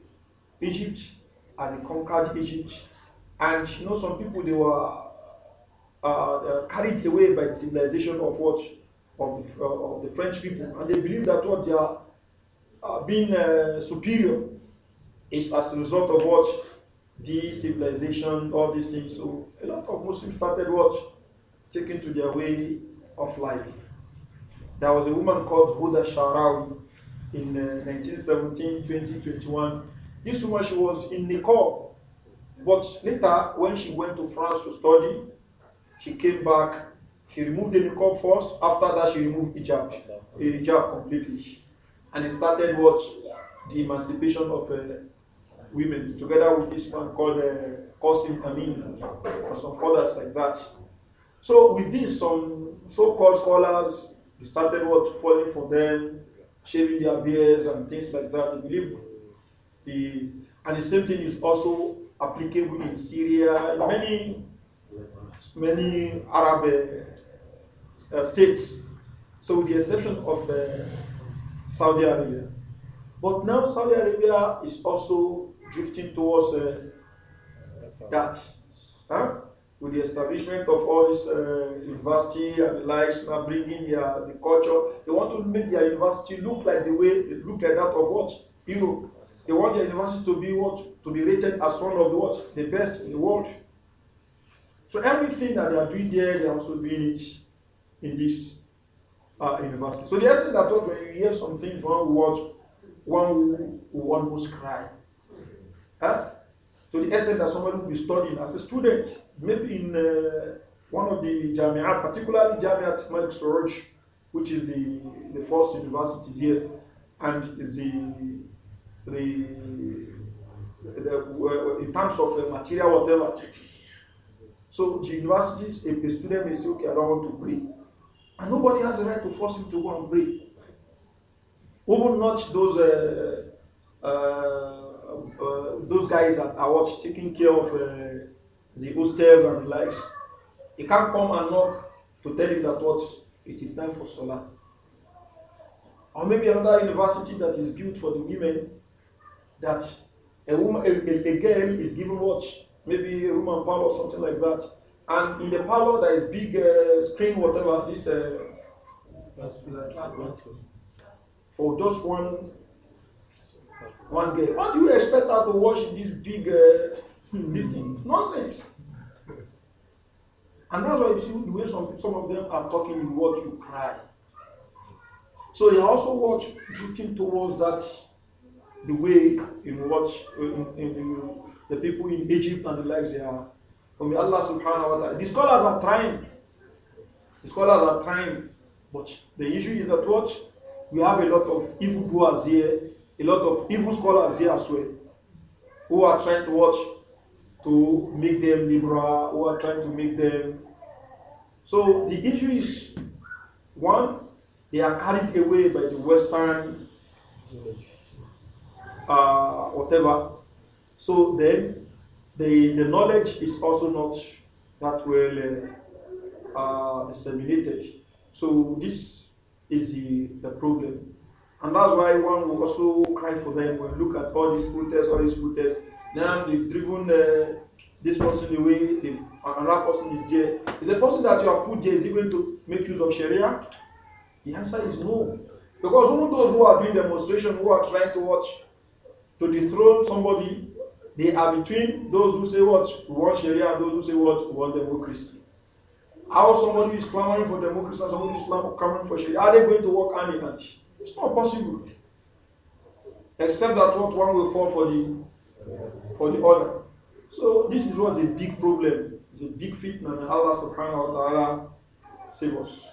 Egypt and they conquered Egypt. And you know, some people they were uh, uh carried away by the civilization of what of the, uh, of the French people, and they believe that what they are uh, being superior is as a result of what de-civilization, all these things. So a lot of Muslims started what? Taking to their way of life. There was a woman called Huda Sharawi in uh, 1917, 2021. 20, this woman, she was in Nicole. But later, when she went to France to study, she came back. She removed the Nicole first. After that, she removed hijab, hijab completely. And it started what? The emancipation of uh, women, together with this one called uh, Qasim Amin, or some others like that. So with this, some so-called scholars started what falling for them, shaving their beards and things like that. I believe the and the same thing is also applicable in Syria, in many many Arab uh, uh, states. So with the exception of uh, Saudi Arabia. But now Saudi Arabia is also drifting towards uh, that. Huh? With the establishment of all these uh, university and the likes, now bringing their, the culture, they want to make their university look like the way it looked like that of what Europe. They want their university to be what to be rated as one of the what the best in the world. So everything that they are doing there, they are also doing it in this uh, university. So the essence that when you hear some things, one watch, one must cry. Huh? To the extent that somebody will be studying as a student, maybe in uh, one of the Jamiat, particularly Jamiat Malik Suraj, which is the, the first university here, and is the, the, the uh, in terms of uh, material, whatever. So the universities, if a student may say, okay, I don't want to pray. And nobody has the right to force him to go and pray. Even not those uh, uh, uh, those guys are, are what taking care of uh, the hostels and the likes. He can't come and knock to tell you that what it is time for solar. Or maybe another university that is built for the women that a woman, a, a girl is given what maybe a room and parlor or something like that. And in the parlor there is big uh, screen, whatever this. Uh, for just one one girl. What do you expect her to watch this big uh, this hmm. thing? Nonsense. And that's why you see the way some, some of them are talking, you watch, you cry. So they are also watch drifting towards that the way in what in, in, in the people in Egypt and the likes they are. From Allah subhanahu wa ta'ala. The scholars are trying. The scholars are trying. But the issue is that what we have a lot of doers here a lot of evil scholars here as well who are trying to watch to make them liberal, who are trying to make them. So the issue is one, they are carried away by the Western uh, whatever. So then the, the knowledge is also not that well uh, uh, disseminated. So this is the, the problem. And that's why one will also cry for them when look at all these protests, all these protests. Now they've driven uh, this person away, they, another person is there. Is the person that you have put there, is he going to make use of Sharia? The answer is no. Because even those who are doing demonstration, who are trying to watch, to dethrone somebody, they are between those who say what? We want Sharia and those who say what? We want democracy. How somebody is clamoring for democracy and somebody is clamoring for Sharia, are they going to work hand in hand? It's not possible. Except that what one will fall for the for the other. So this is what's a big problem. It's a big fitna and Allah subhanahu wa ta'ala save us.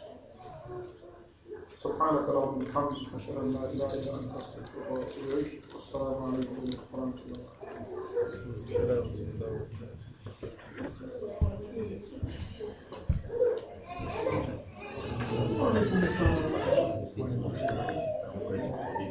سبحانك اللهم وبحمدك اشهد ان لا اله الا انت استغفرك واتوب اليك والسلام عليكم ورحمه الله وبركاته. すごい。